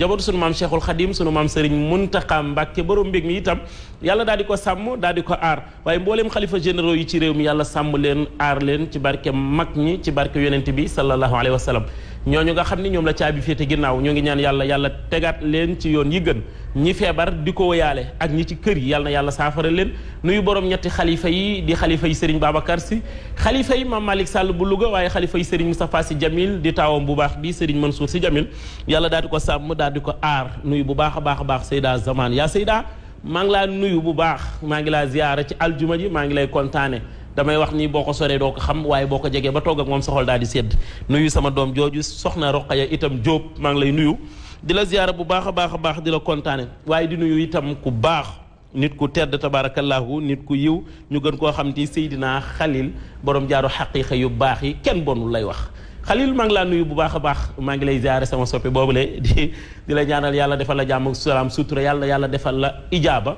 njabootu sunu maam Cheikhul Khadim sunu maam Serigne Mountakha Mbacké borom mbég mi itam yàlla daal di ko sàmm daal di ko aar waaye mbooleem xalifa généraux yi ci réew mi yàlla sàmm leen aar leen ci barke mag ñi ci barke yonent bi sallallahu alayhi wa sallam ñooñu nga xam ni ñoom la caabi féete ginnaaw ñoo ngi ñaan yàlla yàlla tegaat leen ci yoon yi gën ñi feebar di ko wëyaale ak ñi ci kër yi yàlla na yàlla saafara leen nuyu borom ñetti xalifa yi di xalifa yi Serigne Babacar si xalifa yi Mame Malick Sall bu Louga waaye xalifa yi Serigne Moustapha si jamin di taawam bu baax bi Serigne Mansour si Jamil yàlla daal di ko sàmm daal di ko aar nuyu bu baax a baax a baax Seyda Zaman yaa Seyda maa ngi laa nuyu bu baax maa ngi laa ziyaara ci aljuma ji maa ngi lay kontaane damay wax nii boo ko soree doo ko xam waaye boo ko jegee ba toog ak moom soxol daal di sedd nuyu sama doom jooju soxna Roqaya itam Jóob maa ngi lay nuyu di la ziyaara bu baax a baax a baax di la kontaane waaye di nuyu itam ku baax nit ku tedd tabaarakallaahu nit ku yiw ñu gën koo xam ni Seydina Xalil borom jaaru xaqiiqa yu baax yi kenn bonul lay wax Xalil maa ngi laa nuyu bu baax a baax maa ngi lay ziyaare sama soppe boobule di di la ñaanal yàlla defal la jàmm ak salaam sutura yàlla yàlla defal la ijaaba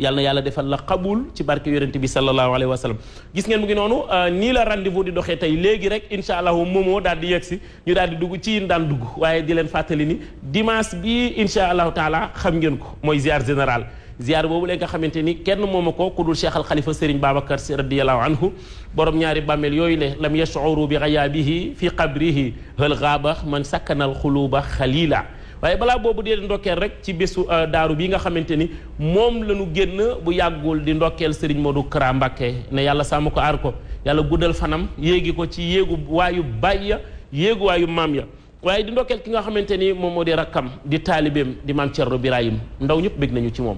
yàlla yàlla defal la xabul ci barke yonent bi sallallahu alayhi wa sallam gis ngeen mu ngi noonu euh, nii la rendez-vous di doxee tey léegi rek incha allahu moomoo daal di yegsi ñu daal di dugg ci yin daan dugg waaye di leen fàttali ni dimanche bi incha allah taala xam ngeen ko mooy ziar général ziar boobu leen nga xamante ni kenn mooma ko ku dul cheikh al xalifa Serigne Babacar si radiallahu anhu borom ñaari bàmmeel yooyu le lam yashuru bi ghayaabihi fi qabrihi hal ghaaba man sakkanal xuluuba xalila waaye balaa boobu dee ndokkeel rek ci bésu euh, daaru bi nga xamante ni moom la ñu génn bu yàggul di ndokkeel Serigne Modou Kara Mbacké ne yàlla sàmm ko aar ko yàlla guddal fanam yéegi ko ci yéegu waayu baay ya yéegu waayu maam ya waaye di ndokkeel ki nga xamante ni moom moo de rakkam di taalibeem di maam Thierno Birahim ndaw ñëpp bég nañu ci moom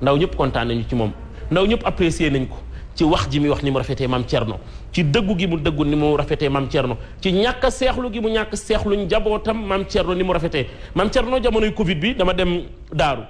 ndaw ñëpp kontaan nañu ci moom ndaw ñëpp apprécier nañ ko ci wax ji muy wax ni mu rafetee maam Thierno ci dëggu gi mu dëggu ni mu rafetee maam Thierno ci ñàkk seexlu gi mu ñàkk seexlu njabootam maam Thierno ni mu rafetee maam Thierno jamonoy Covid bi dama dem daaru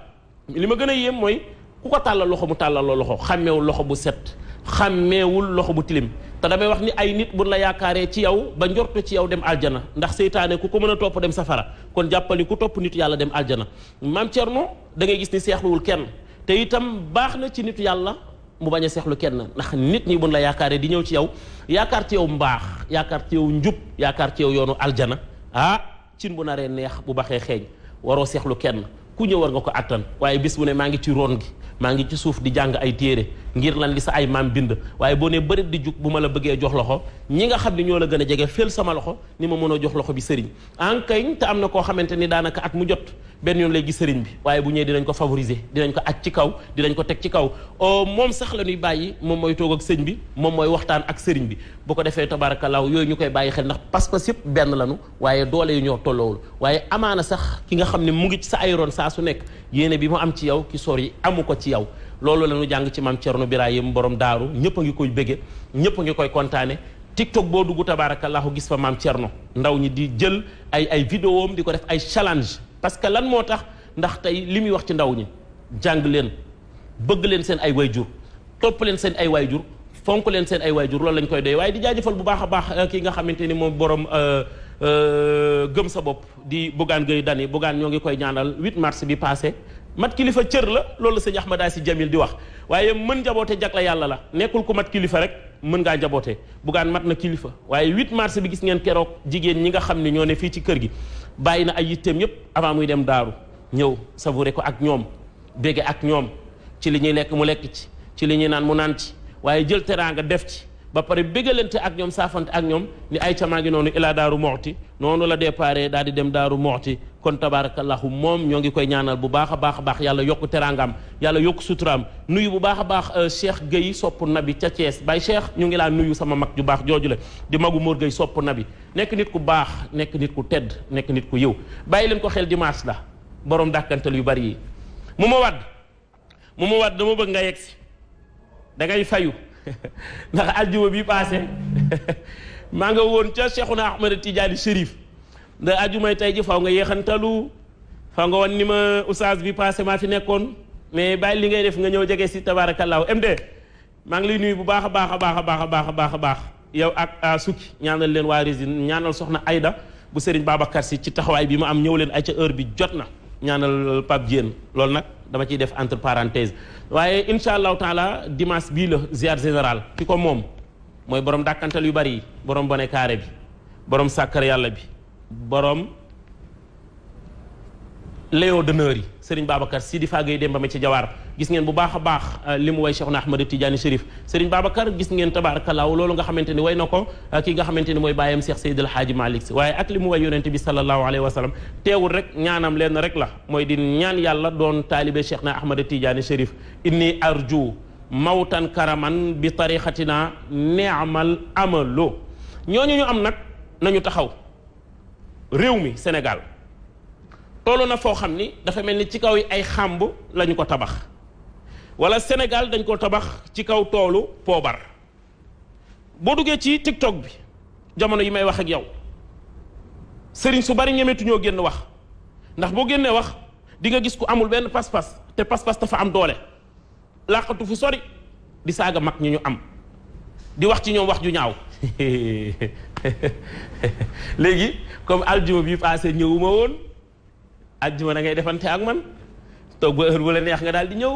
li ma gën a yéem mooy ku ko tàllal loxo mu tàllaloo loxo xàmmeewul loxo bu set xàmmeewul loxo bu tilim te damay wax ni ay nit buñ la yaakaaree ci yow ba njortu ci yow dem aljana ndax seytaane ku ko mën a topp dem safara kon jàppal ni topp nit yàlla dem aljana maam Thierno da gis ni seexluwul kenn te itam baax na ci nit yàlla mu bañ a seexlu kenn ndax nit ñi buñ la yaakaaree di ñëw ci yow yaakaar ci yow mbaax yaakaar ci yow njub yaakaar ci yow yoonu aljana ah cin bu naree neex bu baxee xeeñ waroo seexlu kenn ku ñëw war nga ko attan waaye bis bu ne maa ngi ci roon gi maa ngi ci suuf di jàng ay téere ngir lan li sa ay maam bind waaye boo ne bërit di jug bu ma la bëggee jox loxo ñi nga xam ne ñoo la gën a jege fël sama loxo ni ma mënoo jox loxo bi sëriñ enkañ te am na koo xamante ni daanaka at mu jot benn yoon lay gis sëriñ bi waaye bu ñëwee dinañ ko favoriser dinañ ko aj ci kaw dinañ ko teg ci kaw moom sax la ñuy bàyyi moom mooy toog ak sëñ bi moom mooy waxtaan ak sëriñ bi bu ko defee tabarakallaahu yooyu ñu koy bàyyi xel ndax pas-pas yëpp benn lanu waaye doole yu ñoo tolloowul waaye saa su nekk yéene bi mu am ci yow ki sori amu ko ci yow loolu la ñu jàng ci maam Cerno Birahim borom daaru ñëpp a ngi koy bëgge ñëpp a ngi koy kontaane TikTok boo dugg tabaarakallaahu gis fa maam Cerno ndaw ñi di jël ay ay vidéom di ko def ay challenge parce que lan moo tax ndax tey li muy wax ci ndaw ñi jàng leen bëgg leen seen ay way wayjur topp leen seen ay wayjur fonk leen seen ay wayjur loolu lañ koy doy waaye di jaajëfal bu baax a baax euh, kii nga xamante ni Euh, gëm sa bopp di Bougane gay Dany Bougane ñoo ngi koy ñaanal 8 mars bi passé mat kilifa cër la loolu sëñ Ahmada si Jamil di wax waaye mën njaboote jagle yàlla la nekkul ku mat kilifa rek mën ngaa njaboote Bougane mat na kilifa waaye 8 mars bi gis ngeen keroog jigéen ñi nga xam ne ñoo ne fii ci kër gi bàyyi na ay yitteem yépp avant muy dem daaru ñëw savouré ko ak ñoom bége ak ñoom ci li ñuy lekk mu lekk ci ci li ñuy naan mu naan ci waaye jël teraanga def ci ba pare béggalante ak ñoom saafante ak ñoom ni ay camaa ngi noonu ilaa daaru moxti noonu la déparé daal di dem daaru moxti kon tabaarakallahu moom ñoo ngi koy ñaanal bu baax a baax a baax yàlla yokk teraangaam yàlla yokk suturaam nuyu bu baax a baax euh, Cheikh Gueye sopp nabi ca Thiès bay Cheikh ñu ngi laa nuyu sama mag ju baax jooju la di magu Mor Gueye sopp nabi nekk nit ku baax nekk nit ku tedd nekk nit ku yiw bàyyi leen ko xel dimaas la boroom dàkkantal yu bari yi mu ma wadd mu dama bëgg nga yegsi da ngay fayu ndax ajjuma bi paase maa nga woon ca Cheikhuna Ahmad Tidiane Chérif ndax ajjumay tey ji faw nga yéexantalu faw nga wan ni ma oustaz bi paase ma fi nekkoon mais bàyyi li ngay def nga ñëw jege si tabaarakallaahu MD maa ngi lay nuyu bu baax a baax a baax a baax a baax a baax a baax yow ak ah, sukki ñaanal leen waa Résine ñaanal soxna ayda bu Serigne Babacar si ci taxawaay bi ma am ñëw leen ay ca heure bi jot na ñaanal Pape Diène loolu nag dama ciy def entre parenthèse waaye incha allahu taala dimanche bii la ziar général ki ko moom mooy borom dàkkantal yu bari yi borom bone kaare bi borom sàkkar yàlla bi boroom léon yi Serigne Babacar Sidi Faagay Demba ma ci jawaar gis ngeen bu baax a baax euh, li mu way Cheikhna Ahmad Tidiane Chérif Serigne Babacar gis ngeen tabaarakalaaw loolu nga xamante ni way na ko euh, ki nga xamante ni mooy bàyyam Cheikh Seydil Hadji Malick si waaye ak li mu way yonent bi sallallahu alayhi wa sallam teewul rek ñaanam leen rek la mooy di ñaan yàlla doon taalibe Cheikhna Ahmad Tidiane Chérif inni arju mawtan karaman bi tarixatina neamal amalo ñooñu ñu am nag nañu taxaw réew mi Sénégal toll na foo xam ni dafa mel ni ci kaw yi ay xàmb lañu ko tabax wala Sénégal dañ ko tabax ci kaw toolu poobar boo duggee ci TikTok bi jamono yi may wax ak yow sëriñ su bari ñoo génn wax ndax boo génnee wax di nga gis ku amul benn pas-pas te pas-pas dafa am doole làqatu fu sori di saaga mag ñu ñu am di wax ci ñoom wax ju ñaaw léegi comme aljuma bi passé ñëwuma woon ajjuma da ngay defante ak man toog ba heure bu la neex nga daal di ñëw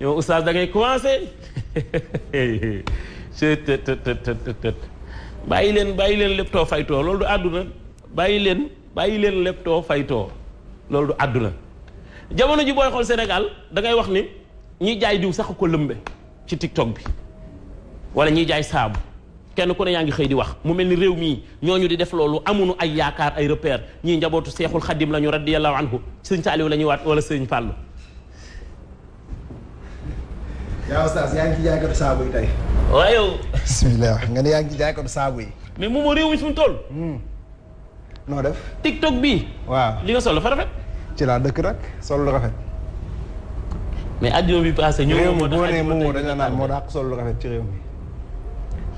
ñëw ma oustaz da ngay commencé tttt bàyyi leen bàyyi leen lépp too faytoo loolu du àdduna bàyyi leen bàyyi leen lépp too faytoo loolu du àdduna jamono ji booy xool Sénégal da ngay wax ni ñiy jaay diw sax ko lëmbe ci TikTok bi wala ñiy jaay saabu kenn ku ne yaa ngi xëy di wax mu mel ni réew mii ñu di def loolu amuñu ay yaakaar ay repère ñii njabootu seexul xadim la ñu radiyallahu anhu sëñ Saaliw la ñuy waat wala sëñ Fàllu yaa oustaz yaa ngi ci jaaykatu saabu yi tey nga ne yaa ngi ci saabu yi mais moom moo réew mi suñu toll hmm. noo def tok bii waaw li nga sol fa rafet ci laa dëkk nag sol lu rafet mais adduna bi passé ñëw moo tax dañ la naan moo dàq sol lu rafet ci réew mi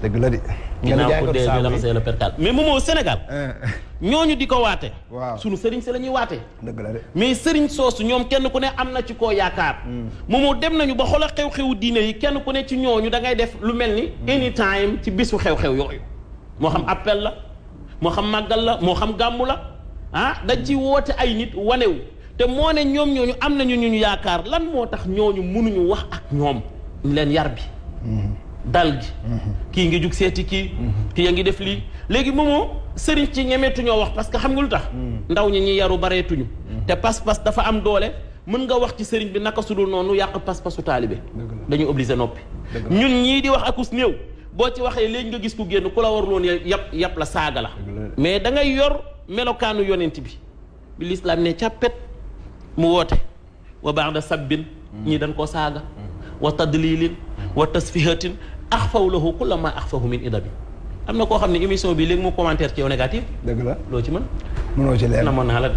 dëgg la de. nga jaay ko saabu yi ginnaaw percal mais moom moo Sénégal. Eh, eh. ñooñu di ko waate. waaw sunu sëriñ si la ñuy waate. dëgg la mais sëriñ soosu ñoom kenn ku ne am na ci koo yaakaar. Hmm. moom dem nañu ba xoolal xew-xewu diine yi kenn ku ne ci ñooñu da ngay def lu mel ni. Hmm. anytime ci bisu xew-xew yooyu. moo xam hmm. appel la moo xam màggal la moo xam gàmmu la ah dañ ci woote ay nit wanewu te moo ne ñoom ñooñu am nañu ñu ñu yaakaar lan moo tax ñooñu mënuñu wax ak ñoom. leen yar bi. dal gi mhm. kii ngi jug seeti kii mhm. kii ngi def lii léegi moomoo sëriñ ci ñemeetuñoo wax parce que xam nga lu tax mhm. ndaw ñi ñi yaru bareetuñu te pas-pas dafa am doole mën nga wax ci sëriñ bi naka sudul noonu yàq pas-pasu taalibe dañu obligé noppi ñun ñii di wax ak akus néew boo ci waxee léegi nga gis ku génn ku la waruloon yàpp yàpp la saaga la mais da ngay yor melokaanu yonent bi bi lislaam ne càppet mu woote wa ba'da sabbin ñii dañ koo saaga wa tadlilin wa tasfihatin axfaw lahu kulla ma axfahu min idabi am na koo xam ne émission bi léegi mu commentaire ci yow négatif. dëgg la loo ci mën. mënoo ci leer namoon naa la de.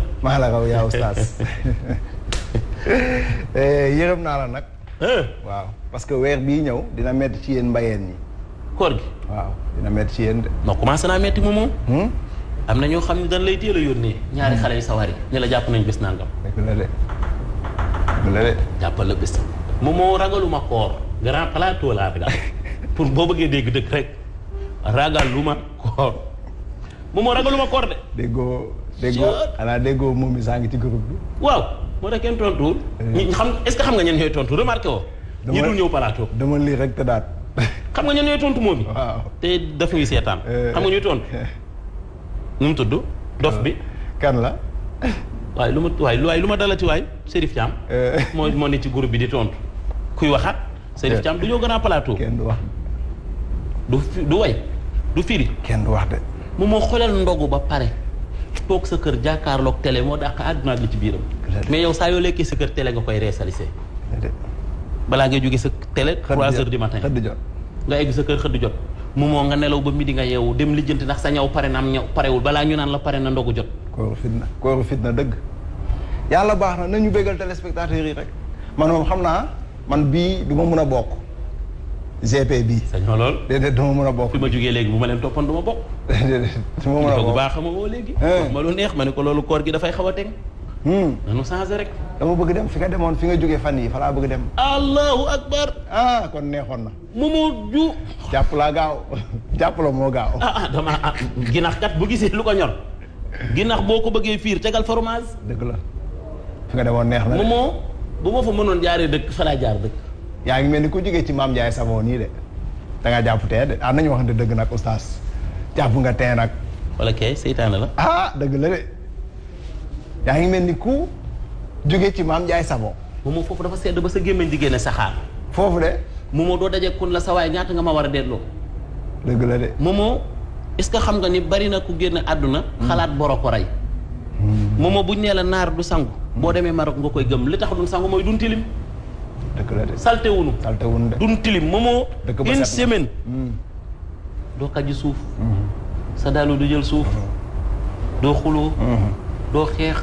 Eh, naa la nag. waaw parce que weer bii ñëw dina métti ci yéen mbayeen ñi. koor gi waaw dina ci yéen de. non commencé naa hmm? am na ñoo xam ne dañ lay teel a yónnee. ñaari hmm. xale yu sawar yi ñu la jàpp nañ bis nangam. dëgg la de dëgg la de. jàppal la bés. moomoo ragaluma koor. grand plateau laa fi pour boo bëggee dégg dëgg rek ragaluma koor moom moo ragaluma koor de. déggoo déggoo ala déggoo moom mi saa ngi ci groupe bi. waaw moo tax kenn tontuwul. Eh. ñi xam est-ce que xam nga ñen ñooy tontu remarqué woo. ñi dul ñëw dama lii rek te daat. xam nga ñen ñooy tontu moom mi. te daf ñuy seetaan. Eh. xam nga ñuy tontu. Eh. mu tudd dof bi. kan la. waaye lu ma waaye lu ma dala dalati waay Serif Thiam. moo moo ne ci groupe bi di tontu kuy waxaat. Serif Thiam du ñoo gën a plateau. kenn du wax du du way du firi. kenn du wax de. mu moo xoolal ndogu ba pare toog sa kër jàkkaarloog télé moo dàq àdduna ak ci biiram. mais yow saa yoo lekkee sa kër télé nga koy reesalisé. balaa ngay jógee sa télé. trois heures du matin xëdd jot nga egg sa kër xëdd jot. mu moo nga nelaw ba di nga yeewu dem lijjanti ndax sa ñaw pare na am ñaw parewul balaa ñu naan la pare na ndogu jot. kooru fitna kooru dëgg. yàlla baax na nañu bégal téléspectateurs yi rek man xam naa. man bii du ma mën a bokk GP bii. sañoo lool déedéet du ma mën a bokk. fi ma jugee léegi bu ma leen toppoon du ma bokk. déedéet du ma mën a bokk bu baax ma woo léegi. ma lu neex ma ne ko loolu koor gi dafay xaw a teg. Hmm. nanu changé rek. dama bëgg dem fi nga demoon fi nga jógee fan yi fa laa bëgg dem. allahu akbar. ah kon neexoon na. mu mu ju. jàpp laa gaaw jàpp la moo gaaw. ah ah dama ah ginax kat bu gisee lu ko ñor. ginax boo ko bëggee fiir tegal fromage. dëgg la fi nga demoon neex na de. bu ma fa mënoon jaaree dëkk fa laa jaar dëkk. yaa ngi mel ni ku jógee ci maam Ndiaye Savon nii de da jàpputee jàpp tee de ah nañu wax ne dëgg nag oustaz jàpp nga tee nag. wala kay seytaane la. ah dëgg la de yaa ngi mel ni ku jógee ci maam Ndiaye sabo moom foofu dafa sedd ba sa gémmiñ jigéen ne saxaar. foofu de. moomoo doo daje kun la sa waay ñaata nga ma war a delloo. dëgg la de. moomoo est-ce que xam nga ni bari na ku génn àdduna. Hmm. xalaat boro ko rey. moomoo hmm. naar du sangu. boo demee Maroc nga koy gëm li tax dun sangu mooy dun tilim salte wunu dun tilim moomoo une semaine mm. doo xaji suuf mm-hmm. sa daalu du jël suuf mm-hmm. doo xuloo mm-hmm. doo xeex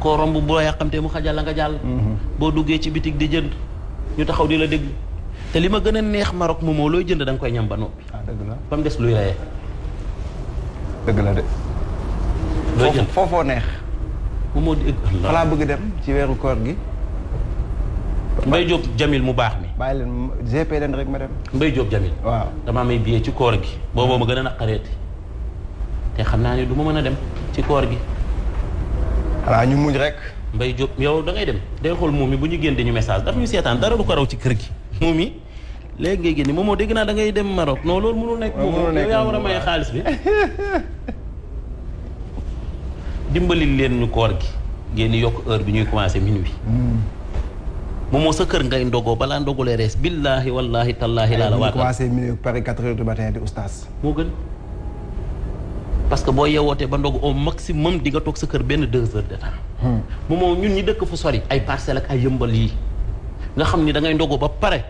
koo romb boo yàqamtee mu xajal la nga jàll boo duggee ci bitig di jënd ñu taxaw di la dégg te li ma gën a neex Maroc moomoo looy jënd da koy ñam ba noppi ah, ba mu des luy reyee dëgg la de foofu neex bu moo di xalaa bëgg dem ci weeru koor gi mbay Diop Jamil mu baax mi bàyyi leen GP leen rek ma dem Mbaye Jamil waaw damaa may billet ci koor gi booboo ma gën a naqareeti te xam naa ne du ma mën a dem ci koor gi xalaa ñu muñ rek Mbaye Diop yow da ngay dem day xool moom mi bu ñu génne ñu message daf ñu seetaan dara du ko raw ci kër gi moom mi léegi ngay génne moom moo dégg naa da ngay dem Maroc non loolu mënul nekk moom yaa war a maye xaalis bi dimbali leen ñu koor gi ngeen yokk heure bi ñuy commencé minuit. moom moo sa kër ngay ndogoo balaa ndogalee rees billaahi wallaahi tallaahi laa la waatal commencé minuit pare quatre heures du matin di moo gën parce que boo yeewootee ba ndog au maximum di nga toog sa kër benn deux heures de temps hmm. moom ñun ñi dëkk fu sori ay parcelles ak ay yëmbal yi nga xam ni dangay ngay ndogoo ba pare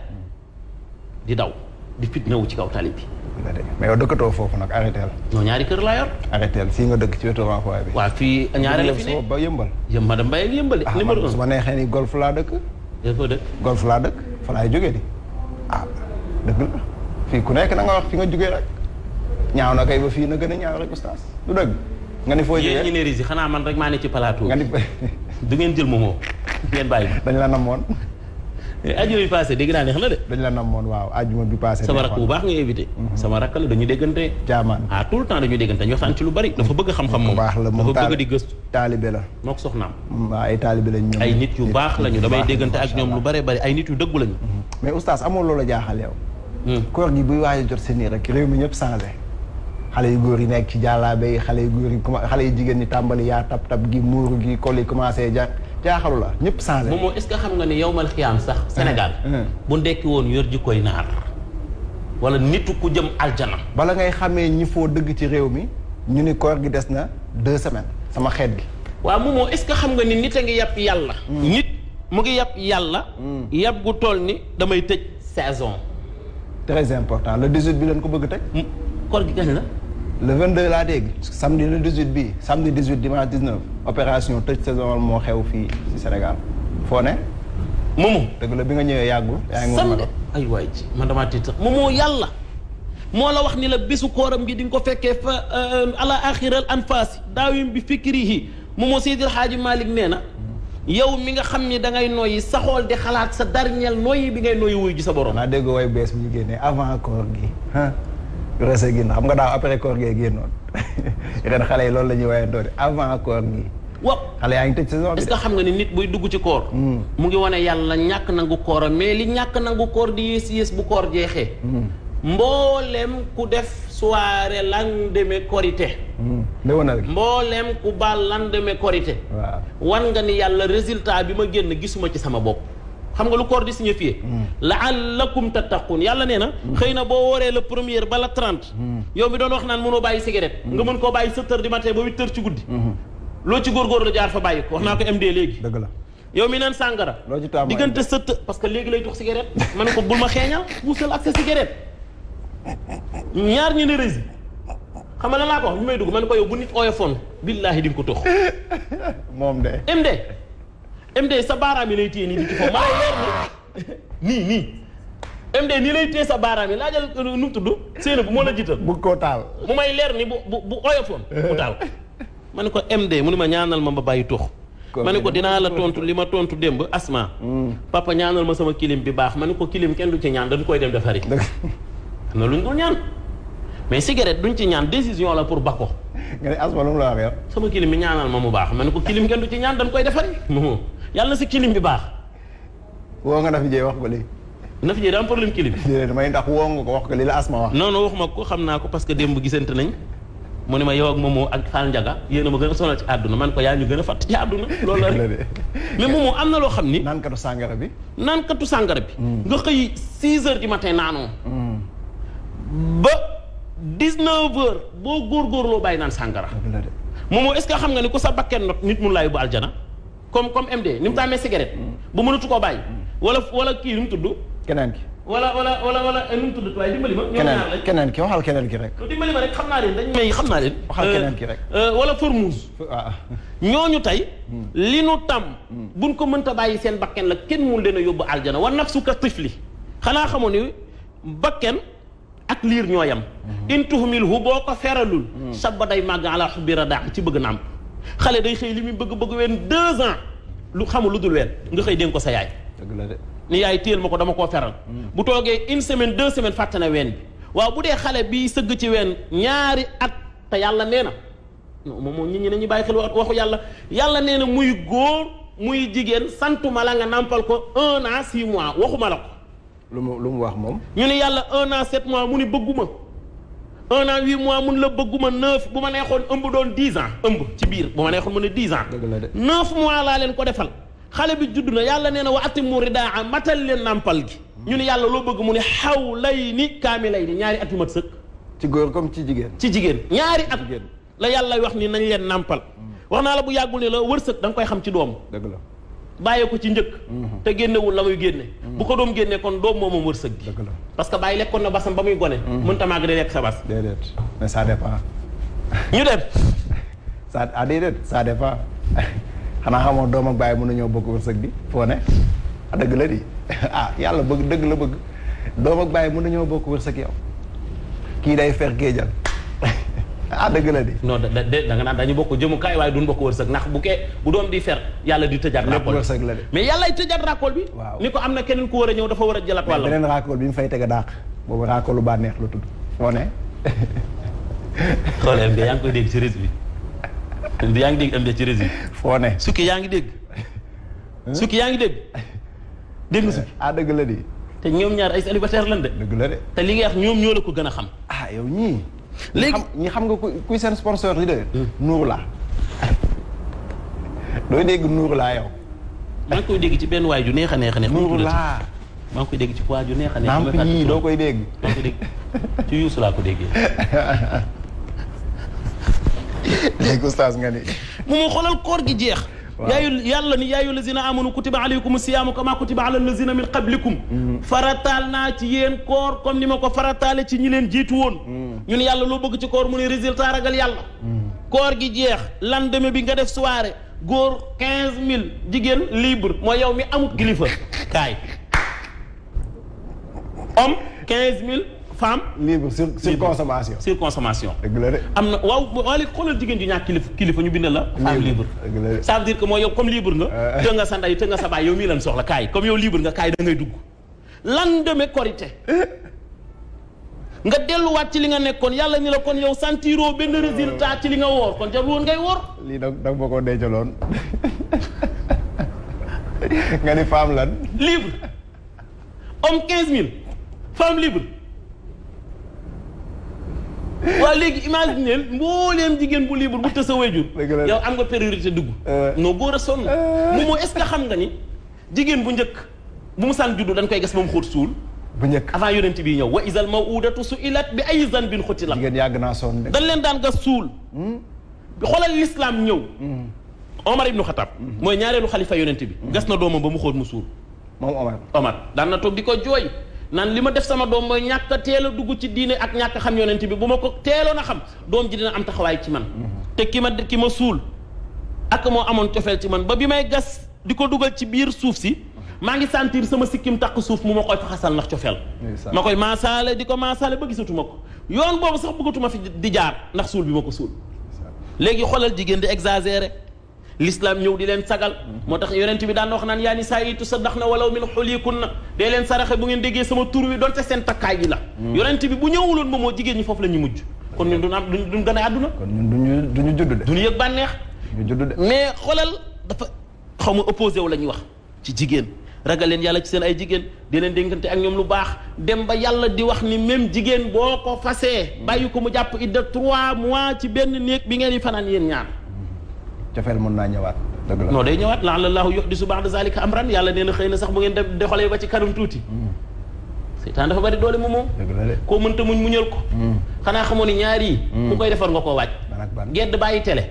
di daw di fitna ci kaw tali bi. mais yow dëkkatoo foofu nag arrêté la. ñaari kër laa yor. arrêté la nga dëkk ci wetu renfort bi. a fii ñaari la fi ba yëmbal. yëmbal da mbay ak yëmbal. Ah, su ma neexee ni golf laa dëkk. yaa dëkk. golf laa dëkk fa laay jógee di ah dëgg la fii ku nekk na nga wax fi nga jógee rek ñaaw na kay ba fii na gën a ñaaw rek oustaz du dëgg. nga ni foo jógee yéen ñi ne risi xanaa man rek maa ne ci plateau. nga ni du ngeen jël moomoo ngeen dañ la namoon Eh, ajjuma bi passé dégg naa neex na de. dañ la namoon waaw ajjuma bi passé. sama rakk bu baax nga invité. Mhm. sama rakk la dañu déggante. jaamaan ah tout le temps dañu déggante ñu waxtaan bari. dafa bëgg xam-xam moom baax la moom dafa bëgg di gëstu. taalibe la moo ko soxnaam. Mm, waaw ay taalibe lañ ñoom. ay nit yu baax lañu damay déggante ak ñoom lu bare bari ay nit yu dëggu lañu. Mm-hmm. mais oustaz amoo loola jaaxal yow. Hmm. koor gi buy waaj jot seen nii rek réew mi ñëpp changé. xale yu góor yi nekk ci jàllaabe yi xale yu góor yi jigéen ñi tàmbali yaa tab tab gi muuru gi kol commencé jàng jaaxalu la ñëpp changé. moom est-ce que xam nga ni yow mal xiyaam sax eh, Sénégal. Eh. bu ndekki woon yor jikkoy naar. wala nitu ku jëm aljana. bala ngay xamee ñi foo dëgg ci réew mi ñu ni koor gi des na deux semaines sama xeet gi. waaw moo est-ce que xam nga ni nit a ngi yàpp yàlla. Hmm. nit mu ngi yàpp yàlla. Hmm. yàpp gu tool ni damay tëj saison. très important le 18 bi leen ko bëgg tëj. Hmm. koor gi kañ na le 22 laa dégg samedi le 18 bi samedi 18 dimanche 19 opération tëj saison moo xew fii ci Sénégal foo ne. Momo dëgg la bi nga ñëwee yàggu yaa ngi ma ay waay ji man damaa tiit sax Momo yàlla. moo la wax ni la bésu kooram gi di nga ko fekkee fa euh, ala axiral anfaasi daawim bi fikrihi Momo Seydil Hadji Malick nee na. yow mi nga xam ni da ngay noyyi sa xool di xalaat sa dernier noyyi bi ngay noyyi wuyu sa borom. naa dégg way bees bu ñu génnee avant koor gi. du resee xam nga daaw après koor gee génnoon xale yi loolu la ñuy wayandoo avant koor gi. waaw xale yaa ngi tëj saison bi est xam nga ni nit buy dugg ci koor. Hmm. mu ngi wane yàlla ñàkk nagu kooram mais li ñàkk nagu koor di yées yées bu koor jeexee. Hmm. mboolem ku def soirée lendemain korité. ndewonal hmm. mboolem ku baal lendemain korité. waaw wan nga ni yàlla résultat bi ma génn gisuma ci sama bopp. xam nga lu koor la signifier hmm. laallakum tattaqun yàlla nee na hmm. xëy na boo wooree la première ba la trente hmm. yow mi doon wax naan mënoo bàyyi cigarette nga mën koo bàyyi sept heures du matin ba huit heures ci guddi loo ci góorgóorlu jaar fa bàyyi ko wax naa ko MD léegi la yow mi naan sàngara diggante sëtt parce que léegi lay tux cigarette ma ne ko bul ma xeeñal muusal ak sa cigarette ñaar ñu ne rési xam nga lan laa ko wax ñu may dugg ma ne ko yow bu nit ooyofoon billaahi ko tux moom de MD sa baaraam yi lay téye nii di ci foofu ma lay leer ni nii nii MD nii lay téye sa baaraam yi laajal euh, nu mu tudd séena bu moo la jiital bu koo taal mu may leer ni bu bu bu oyofoon mu taal ma ne ko MD mu ne ma ñaanal ma ba bàyyi tuux ma ne ko dinaa la tontu li ma tontu dem démb asma hmm. papa ñaanal ma sama kilim bi baax ma ne ko kilim kenn du ci ñaan dañ koy dem defari am na luñ dul ñaan mais cigarette duñ ci ñaan décision la pour ba ko nga ne asma lu mu la wax yow sama kilim ma baax ma ne ko kilim kenn du ci ñaan dañ koy defari moom yàlla si kilim bi baax. woo nga Nafi Ndié wax ko léegi. na Ndié daa am problème kilim. déedéet ndax woo nga ko wax ko li la asma wax. non non waxuma ko xam naa ko parce que démb gisante nañ. mu ne ma yow ak Momo ak Fall Ndiaga yéen ma gën a sonal ci àdduna man ko yaa ñu gën a fàtt ci àdduna loolu la rek mais am na loo xam ni naankatu sàngara bi naankatu sàngara bi mm. nga xëy six heures du matin naanoo mm. ba dix-neuf heures boo góorgóorloo bàyyi naan sàngara moom est-ce que xam nga ni ku sa bakken not nit mun laa yóbbu aljana comme comme MD ni mu tàmmee cigarette bu mënatu koo bàyyi wala wala kii nu mu tudd keneen ki wala wala wala wala eh, nu keneen ki waxal keneen ki rek dimbali ma rek xam naa leen dañ may xam naa leen waxal euh, keneen ki rek euh, wala Formose waaw ah. ñooñu tey hmm. li nu tam hmm. buñ ko mënta bàyyi seen bakken la kenn mun leen a yóbbu aljana wa nafsu ka tifli xanaa xamoo ni bakken ak liir ñooyam hmm. in tuhumilhu boo ko feralul sabba day màgg ala xubbi radaa ci bëgg nàmp xale day xëy li muy bëgg-bëgg ween deux ans lu xamul lu dul ween nga xëy dénk ko sa yaay dëgg la de ni yaay téel ma ko dama koo feral mm. bu toogee une semaine deux semaine fàtte na ween bi waaw bu dee xale bi sëgg ci ween ñaari at te yàlla nee na moom moom nit ñi nañu bàyyi xel waxu yàlla yàlla nee na muy góor muy jigéen santuma la nga nàmpal ko un an six mois waxuma la ko lu mu lu mu wax moom ñu ne yàlla un an sept mois mu ni bëgguma un an huit mois mun la bëgguma neuf bu ma neexoon ëmb doon dix ans ëmb ci biir bu ma neexoon mu ne dix ans neuf mois laa leen ko defal xale bi judd na yàlla nee na wa atimu ridaa matal leen nàmpal gi ñu ne yàlla loo bëgg mu ne xaw lay ni kaami lay ni ñaari at mat sëkk ci góor comme ci jigéen ci jigéen ñaari at la yàlla wax ni nañ leen nàmpal mm. wax naa la bu yàggul ne la wërsëg da nga koy xam ci doom dëgg la bàyyi ko ci njëkk mhm. te génnewul la muy génne mhm. bu ko doom génne kon doom moom moom wërsëg gi parce que bàyyi lekkoon na basam ba muy gone mhm. mën ta màgg day lekk sa bas déedéet mais ça ñu dem ça ah déedéet ça dépend xanaa xamoo doom ak bàyyi mën na ñoo bokk wërsëg bi foo ne a ah, dëgg la di ah yàlla bëgg dëgg la bëgg doom ak bàyyi mun na ñoo bokk wërsëg yow kii day fer géejal ah dëgg la de. non da da nga naan dañu bokk jëmukaay waaye duñ bokk wërsëg ndax bu kee bu doom di fer yàlla di tëjaat raakool wërsëg la de mais yàlla ay tëjaat raakool bi waaw ni ko am na keneen ku war a ñëw dafa war a jëlaat wàllam beneen raakool bi mu fay teg a daaq boobu raakoolu bànneex la tudd moo ne rés bi yaa ngi dégg am ci rés foo ne sukki yaa ngi dégg sukki yaa ngi dégg dégg nga ah, dëgg la de te ñoom ñaar ay célibataire lan de dëgg la te li nga wax ñoom ñoo la ko gën a xam ah yow ñii léegi xam nga kuy seen sponsor li de hmm. nuur laa dooy dégg nuur laa yow maa ngi koy dégg ci benn waay ju neex a neex a laa maa koy dégg ci waay ju neex a neex namp ñii doo koy dégg doo koy dégg ci yuusu laa ko déggee léegi oustaz nga ni mu ma xoolal koor gi jeex yaayu yàlla ni yaayu lazina amanu kutiba alaykum siyaamu kama kutiba ala lazina min qablikum mm-hmm. farataal naa ci yéen koor comme ni ma ko farataale ci ñi leen jiitu woon mm-hmm. ñun yàlla loo bëgg ci koor mu ne résultat ragal yàlla mm-hmm. koor gi jeex lendemain bi nga def soirée góor quinze mille jigéen libre mooy yow mi amut kilifa kaay homme quinze femme. libre sur surconsommation. surconsommation. dëgg la de. am na waaw waaye léegi xoolal jigéen ju ñàkk kilifa kilifa ñu bindal la. femme libre dëgg la de. mooy yow comme libre nga. Euh. të nga sa ndey të nga sa baay yow mii lan soxla kaay comme yow libre nga kaay da dugg. lan demee korité nga delluwaat ci li nga nekkoon yàlla ni la kon yow sentiroo benn résultat li nga woor kon jarul woon ngay woor. lii nag da nga ko dencaloon nga ni femme lan. libre homme 15000 femme libre. waaw léegi imagineel mbooleem jigéen bu libre bu të sa wayjur yow am nga priorité dugg euh. non góor a sonn mu euh. moo est xam nga ni jigéen bu njëkk bu mu saan juddu dañ koy gas ba mu xóot suul bu njëkk avant yonent bi ñëw wa isal mawudatu su ilat bi ay zanbin xutilat jigéen yàgg naa sonn dañ leen daan gas suul hmm? xoolal lislaam ñëw hmm. Omar ibnu Xatab hmm. mooy ñaareelu xalifa yonent bi gas na doomam ba mu xóot mu suul moom Omar Omar daan na toog di ko jooy naan li ma def sama doom mooy ñàkk a teel a dugg ci diine ak ñàkk xam yonent bi bu ma ko teeloon a xam doom ji dina am taxawaay ci man te ki ma ki ma suul ak moo amoon cofeel ci man ba bi may gas di ko dugal ci biir suuf si maa ngi sentir sama sikkim takk suuf mu ma koy xasal ndax cofeel ma koy maasaale di ko maasaale ba gisatuma ko yoon boobu sax bëggatuma fi di jaar ndax suul bi ma ko suul léegi xoolal jigéen di exagéré l'islam ñëw di leen sagal moo tax yonent bi daan wax naan yaa ni saa yi tusaddaxna walaw min xuliikunna dee leen saraxe bu ngeen déggee sama tur wi donte seen takkaay yi la hmm. yonent bi bu ñëwuloon moom moo jigéen ñi foofu la ñu mujj kon ñun duñ am duñ gën a àdduna kon ñun duñu duñu judd de duñu yëg bànneex duñu judd de mais xoolal dafa xaw ma opposé wu la ñuy wax ci jigéen ragal leen yàlla ci seen ay jigéen di leen dénkante ak ñoom lu baax dem ba yàlla di wax ni même jigéen boo ko fasee bàyyi ko mu jàpp idda trois mois ci benn néeg bi ngeen di fanaan yéen ñaan cofeel mën naa ñëwaat. dëgg la non day ñëwaat la allahu yuhdisu ba'da am amran yàlla nee na xëy na sax bu ngeen de doxalee ba ci kanam tuuti. Mm. seytaan dafa bari doole mu moom. dëgg la de koo mënta muñ muñal ko. Mm. xanaa xamoo ni ñaar yi. Mm. ku koy defar nga koo waaj. gedd bàyyi télé.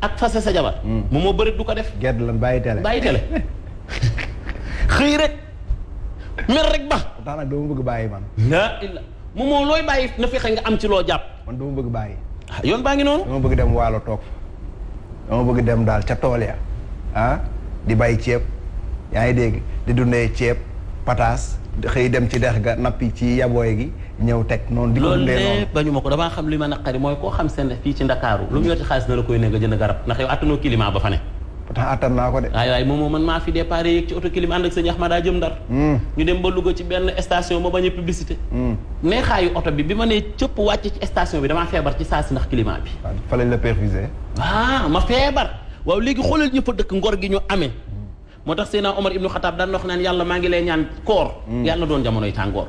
ak fase sa jabar. moom moo bëri du ko def. gedd lan bàyyi télé bàyyi télé. xëy rek. mer rek ba. tax nag dama bàyyi man. la illa moom moo looy bàyyi na fexe nga am ci loo jàpp. man dama bëgg bàyyi. Ah, yoon baa ngi noonu. dama bëgg dem waalo toog. dama bëgg dem daal ca tool ya ah di bay ceeb yaa ngi dégg di dundee ceeb pataas xëy dem ci dex ga nappi ci yabooy gi ñëw teg noonu di ko loolu bañu ma ko damaa xam li ma naqari mooy koo xam seen fii ci ndakaaru lu mu yor xaalis na la koy ne nga jënd garab ndax yow attano climat ba fa ne pourtant attan naa ko de. waaye waaye moom man maa fi déparé yeeg ci oto kilim ànd ak sëñ Ahmada jëm Ndar. Hmm. ñu dem ba Louga ci benn station ma bañ a publicité. Hmm. neexaayu oto bi bi ma nee cëpp wàcc ci station bi damaa feebar ci saa si ndax climat bi. fa lañ la perfusé. ah ma feebar waaw léegi xoolal ñëpp dëkk ngor gi ñu amee. Hmm. moo tax seenaa Omar Ibnu Xataab daan wax naan yàlla maa ngi lay ñaan koor. yàlla doon jamonoy tàngoor.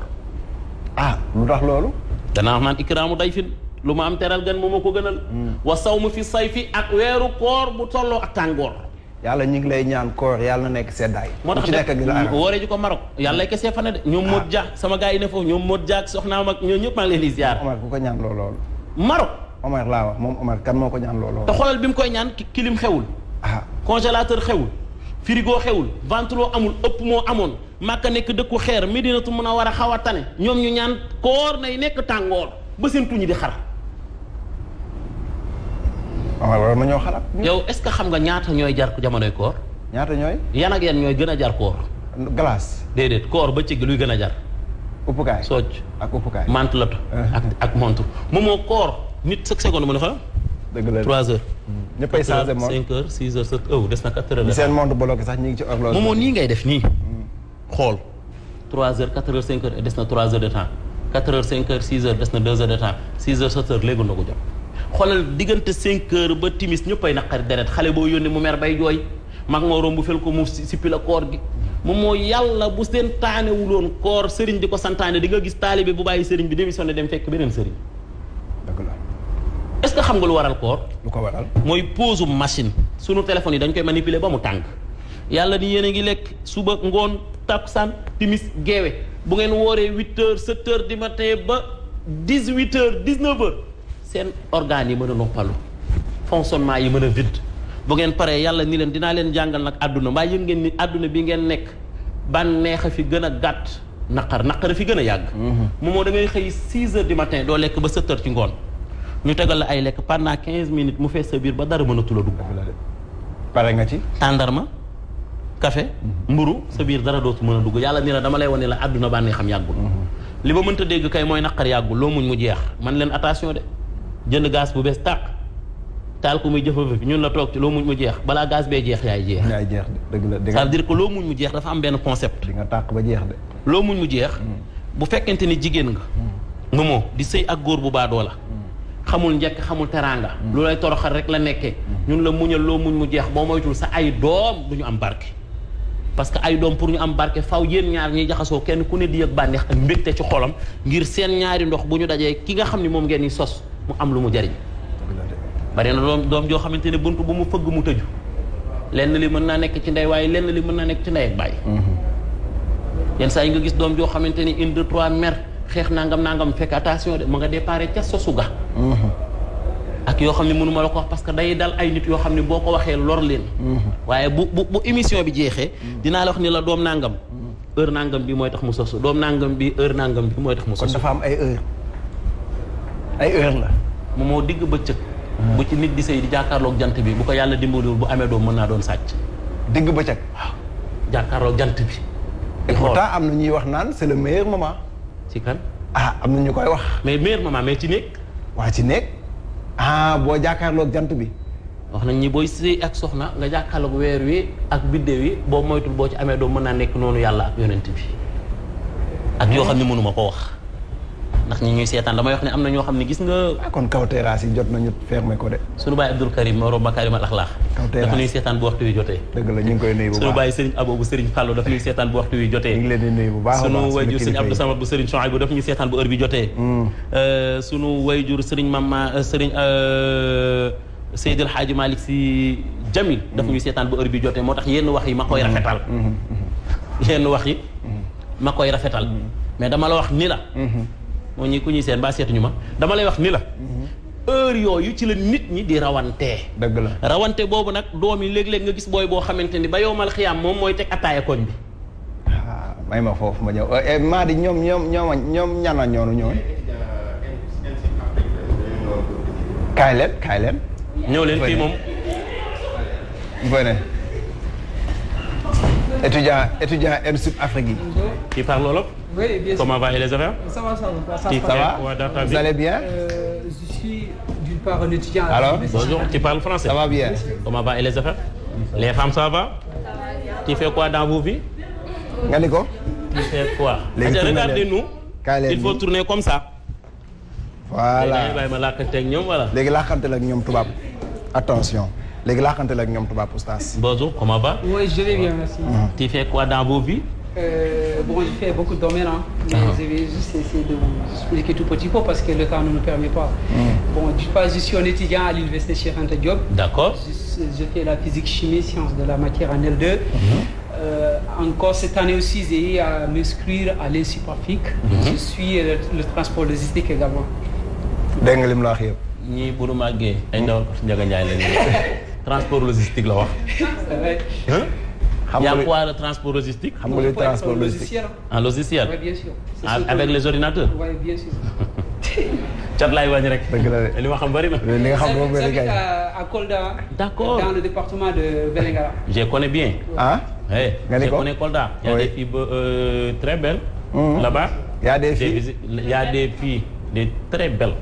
ah lu tax loolu. danaa wax naan ikraamu dayfin lu ma am teral gan moo ma ko gënal. wa sawmu fi sayfi ak weeru koor bu tolloo ak tàngoor. yàlla ñu ngi lay ñaan koor yàlla na nekk seddaay. moo tax de wooree ji ko Maroc yàlla ay kese fane de. ñoom ah. Modou Dia sama gaa yi ne foofu ñoom Modou Dia ak soxnaam ak ñoom ñëpp maa ngi leen di ziar. Omar ku ko ñaan laa wax moom Omar kan moo ko ñaan lool lool. te xoolal bi mu koy ñaan kilim xewul. ah congélateur xewul. frigo xewul ventilo amul ëpp moo amoon. Màkka nekk dëkku xeer Medinatu Munawwara xaw a tane. ñoom ñu ñaan koor nay nekk tàngoor ba seen tuñi di xar waaw waroon nañoo xalaat. yow est-ce que xam nga ñaata ñooy jar jamonoy koor. ñaata ñooy. yan ak yan ñooy gën a jar koor. glace. déedéet koor ba ci luy gën a jar. uppukaay socc ak uppukaay. mantelatu uh-huh. ak ak montre moom moo koor nit seconde mu ne fa. dëgg la trois heures. Mm. Oh, ngi ci horloge. moo nii ngay def nii. Mm. xool trois heures quatre heures cinq heures des na trois heures de temps quatre heures cinq heures des na deux heures de temps six heures sept heures léegi na ko jot. xoolal diggante cinq heures ba timis ñëppay naqari deret xale boo yónnee mu mer bay jooy mag moo romb fel ko mu sippi la koor gi moom moo yàlla bu seen taanewuloon koor sëriñ di ko santaane di nga gis taalibe bu bàyyi sëriñ bi démissionné dem fekk beneen sëriñ dëgg la est-ce que xam nga lu waral koor lu ko waral mooy pause machine sunu téléphone yi dañ koy manipuler ba mu tàng yàlla ni yéen a ngi lekk suba ngoon takkusaan timis geewe bu ngeen wooree huit heures sept heures du ba dix huit heures dix neuf seen organes yi mën a noppalu fonctionnement yi mën a vide bu ngeen paree yàlla ni leen dinaa leen jàngal nag àdduna mbaa yëg ngeen ni àdduna bi ngeen nekk bànneex a fi gën a gàtt naqar naqar a fi gën a yàgg mm-hmm. moom moo da ngay xëy six heures du matin doo lekk ba sept heures ci ngoon ñu tegal la ay lekk pendant quinze minutes mu fees sa biir ba dara mënatul a dugg pare nga ci tàndarma café mm-hmm. mburu sa biir dara dootu mën a dugg yàlla ni la dama lay wane la àdduna ba mm-hmm. mënta dégg mooy naqar yàggul loo jënd gaz bu bees tàq taal ko muy jëfandikoo ñun la toog ci loo muñ mu jeex balaa gaz bee jeex yaay jeex. yaay dëgg la dëgg la ça veut dire que loo muñ mu jeex dafa am benn concept. di nga tàq ba jeex de. loo muñ mu jeex. Hmm. bu fekkente ni jigéen nga. nga hmm. moo di sëy ak góor bu baadoo la. Hmm. xamul njëkk xamul teraanga. lu lay toroxal rek la nekke ñun la muñal loo muñ mu jeex boo moytul sa ay doom du ñu am barke. parce que ay doom pour ñu am barke faw yéen ñaar ñuy jaxasoo kenn ku ne di yëg bànneex ak mbégte ci xolam ngir seen ñaari ndox bu ñu dajee ki nga xam ne moom ngeen di sos mu am lu mu jariñ bari na doom doom joo xamante ne bunt bu mu fëgg mu tëju lenn li mën naa nekk ci ndey waaye li mën naa nekk ci ndey ak baay mhm. yenn saa yi nga gis doom joo xamante ni une deux trois mer xeex nangam nangam fekk attention de mu nga déparé ca sosu ga mhm. ak yoo xam ne mënuma la ko wax parce que day dal ay nit yoo xam ne boo ko waxee lor leen mhm. waaye bu bu bu émission bi jeexee dinaa la wax ni la doom nangam heure nangam bi mooy tax mu sosu doom nangam bi heure nangam bi mooy tax mu sosu dafa am ay ay heure la mu moo digg bëccëg bu ci nit di sëy di jàkkaarloog jant bi bu ko yàlla dimbaliwul bu amee doom mën naa doon sàcc digg bëccëg waaw jant bi et pourtant am na ñuy wax naan c'est le meilleur ci kan ah am na ñu koy wax mais meilleur moment mais ci néeg waa ci néeg ah boo jàkkaarloog jant bi wax nañ ñi booy sëy ak soxna nga jàkkaarloog weer wi ak biddéew yi boo moytul boo ci amee doom mën naa nekk noonu yàlla ak yonent bi ak yoo xam ne mënuma ko wax ndax ñi ñuy seetaan damay wax ne am na ñoo xam ne gis nga ah kon kaw jot nañu fermé ko de suñu bàyyi Abdoul Karim Moro Makarim al Akhlaq kaw terrasse dafa ñuy seetaan bu waxtu wi jotee dëgg la ñu ngi koy nuyu bu baax suñu bàyyi Serigne Abo bu Serigne Fallou daf ñuy seetaan bu waxtu wi jotee ñu ngi leen di nuyu bu baax ñuy seetaan bu heure bi jotee mm. euh, euh, euh, Jamil mm. daf ñuy seetaan bu heure jotee moo tax yenn wax yi ma koy mm. rafetal mm-hmm. yenn wax yi mm-hmm. ma koy rafetal mm-hmm. mais dama la wax ni la moo ñi ku ñuy seen ba seetuñu ma dama lay wax ni la heure yooyu ci la nit ñi di rawante dëgg la rawante boobu nag doom yi léeg nga gis booy boo xamante ni ba yow mal xiyaam moom mooy teg attaaya koñ bi ah, may ma foofu ma ñëw eh, eh, maa di ñoom ñoom ñooma ñoom ñana kaay leen kaay leen ñëw leen fii moom bone étudiant étudiant en sud yi qui parle wolof Oui, bien sûr. Comment va les affaires Ça va, ça va. Ça, ça va Vous allez bien euh, Je suis d'une part un étudiant. Alors Bonjour, tu parles français Ça va bien. Comment va les affaires Les femmes, ça va Ça va bien. Tu fais quoi dans vos vies Galiko Tu fais quoi regardez Il faut tourner comme ça. Voilà. léegi laaxanteel ak ñoom tubaab attention léegi laaxanteel ak ñoom tubaab oustaz. Bonjour, comment va Oui, je vais bien, merci. Tu fais quoi Euh, bon, j'ai fait beaucoup de domaines, ah. parce que le temps ne nous permet pas. Mm. Bon, du pas, je suis un étudiant à l'université Cheikh Anta Diop. D'accord. J'ai fait la physique chimie, sciences de la matière en L2. Hmm. Euh, cette année aussi, j'ai eu à m'inscrire à l'Institut Pafic. Mm -hmm. Je suis le, euh, le transport logistique également. dégg nga lim la wax yëpp. ñii bu nu màggee. dañ doon Ndiaga transport logistique la wax. il y a quoi le transport logistique xam nga le transport logistique en ah, logiciel ah, avec les ordinateurs oui bien sûr cat laay wàññi rek dëgg la de li ma na li nga xam moom bëri à Kolda d'accord dans je connais bien ah? je connais Kolda il y a oui. des filles euh, très belles mm là-bas il y a des filles il des filles des très belles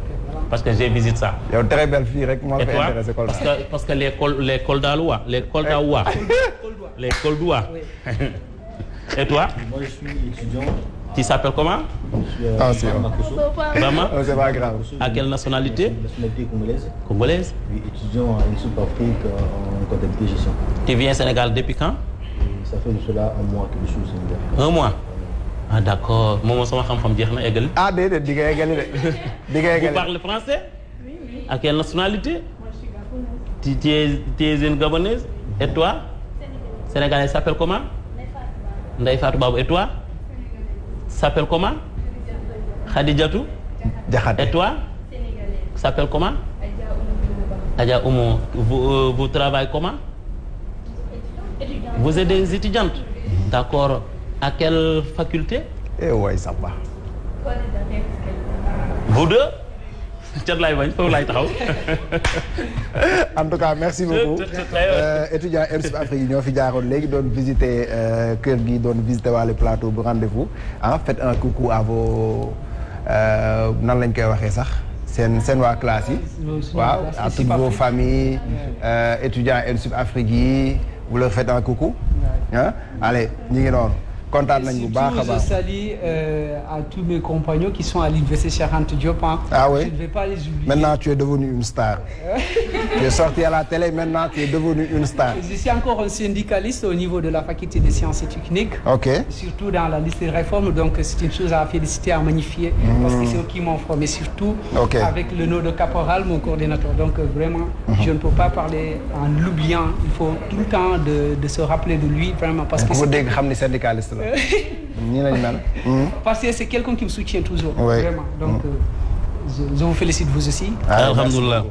parce que j'ai visité ça. yow très belle fille rek moo fi intéressé Kolda. parce que parce que les col les Koldaoua les eh. Koldaoua. les Koldoua. et toi. moi je suis étudiant. tu s'appelles comment. Euh, ah c'est vraiment. c'est pas grave. à quelle nationalité. nationalité congolaise. ah d' accord moom sama xam-xam jeex na eggali. ah déedéet di nga eggali de di nga eggali. vous parlez français. oui oui. à une gabonaise. et toi. sénégalaise. sénégalaise s' appelle comment. Ndeye Fatou Babou et comment. Khadijatou. Diakhaté et comment. Adja Oumou vous euh, vous comment. vous êtes des étudiantes. ak quelle faculté Eh waay Samba. Vous deux bañ foofu laay taxaw. en tout cas merci beaucoup euh, étudiant ERSP Afrique yi ñoo fi jaaroon léegi doon visiter euh, kër gi doon visiter waale plateau bu rendez-vous ah faites un coucou à euh, nan lañ koy waxee sax seen seen waa classe yi. waaw à toutes vos familles. étudiant ERSP Afrique yi vous leur faites coucou. ah ñu ngi noonu. kontaan nañ bu baax a baax je salue euh, à tous mes compagnons qui sont à l'université Cheikh Anta Diop ah oui je ne vais pas les oublier maintenant tu es devenu une star tu es sorti à la télé maintenant tu es devenu une star je suis encore un syndicaliste au niveau de la faculté des sciences et techniques ok surtout dans la liste des réformes donc c'est une chose à féliciter à magnifier mmh. parce que hmm. c'est eux qui m'ont formé surtout okay. avec le nom de caporal mon coordinateur donc euh, vraiment mmh. je ne peux pas parler en l'oubliant il faut tout le temps de, de se rappeler de lui vraiment parce que dégg xam ni syndicaliste la nii lañ mel. Hmm? parce que c'est quelqu'un qui me soutient toujours. Oui. vraiment donc hmm. euh, je, je vous félicite ah, alhamdulilah.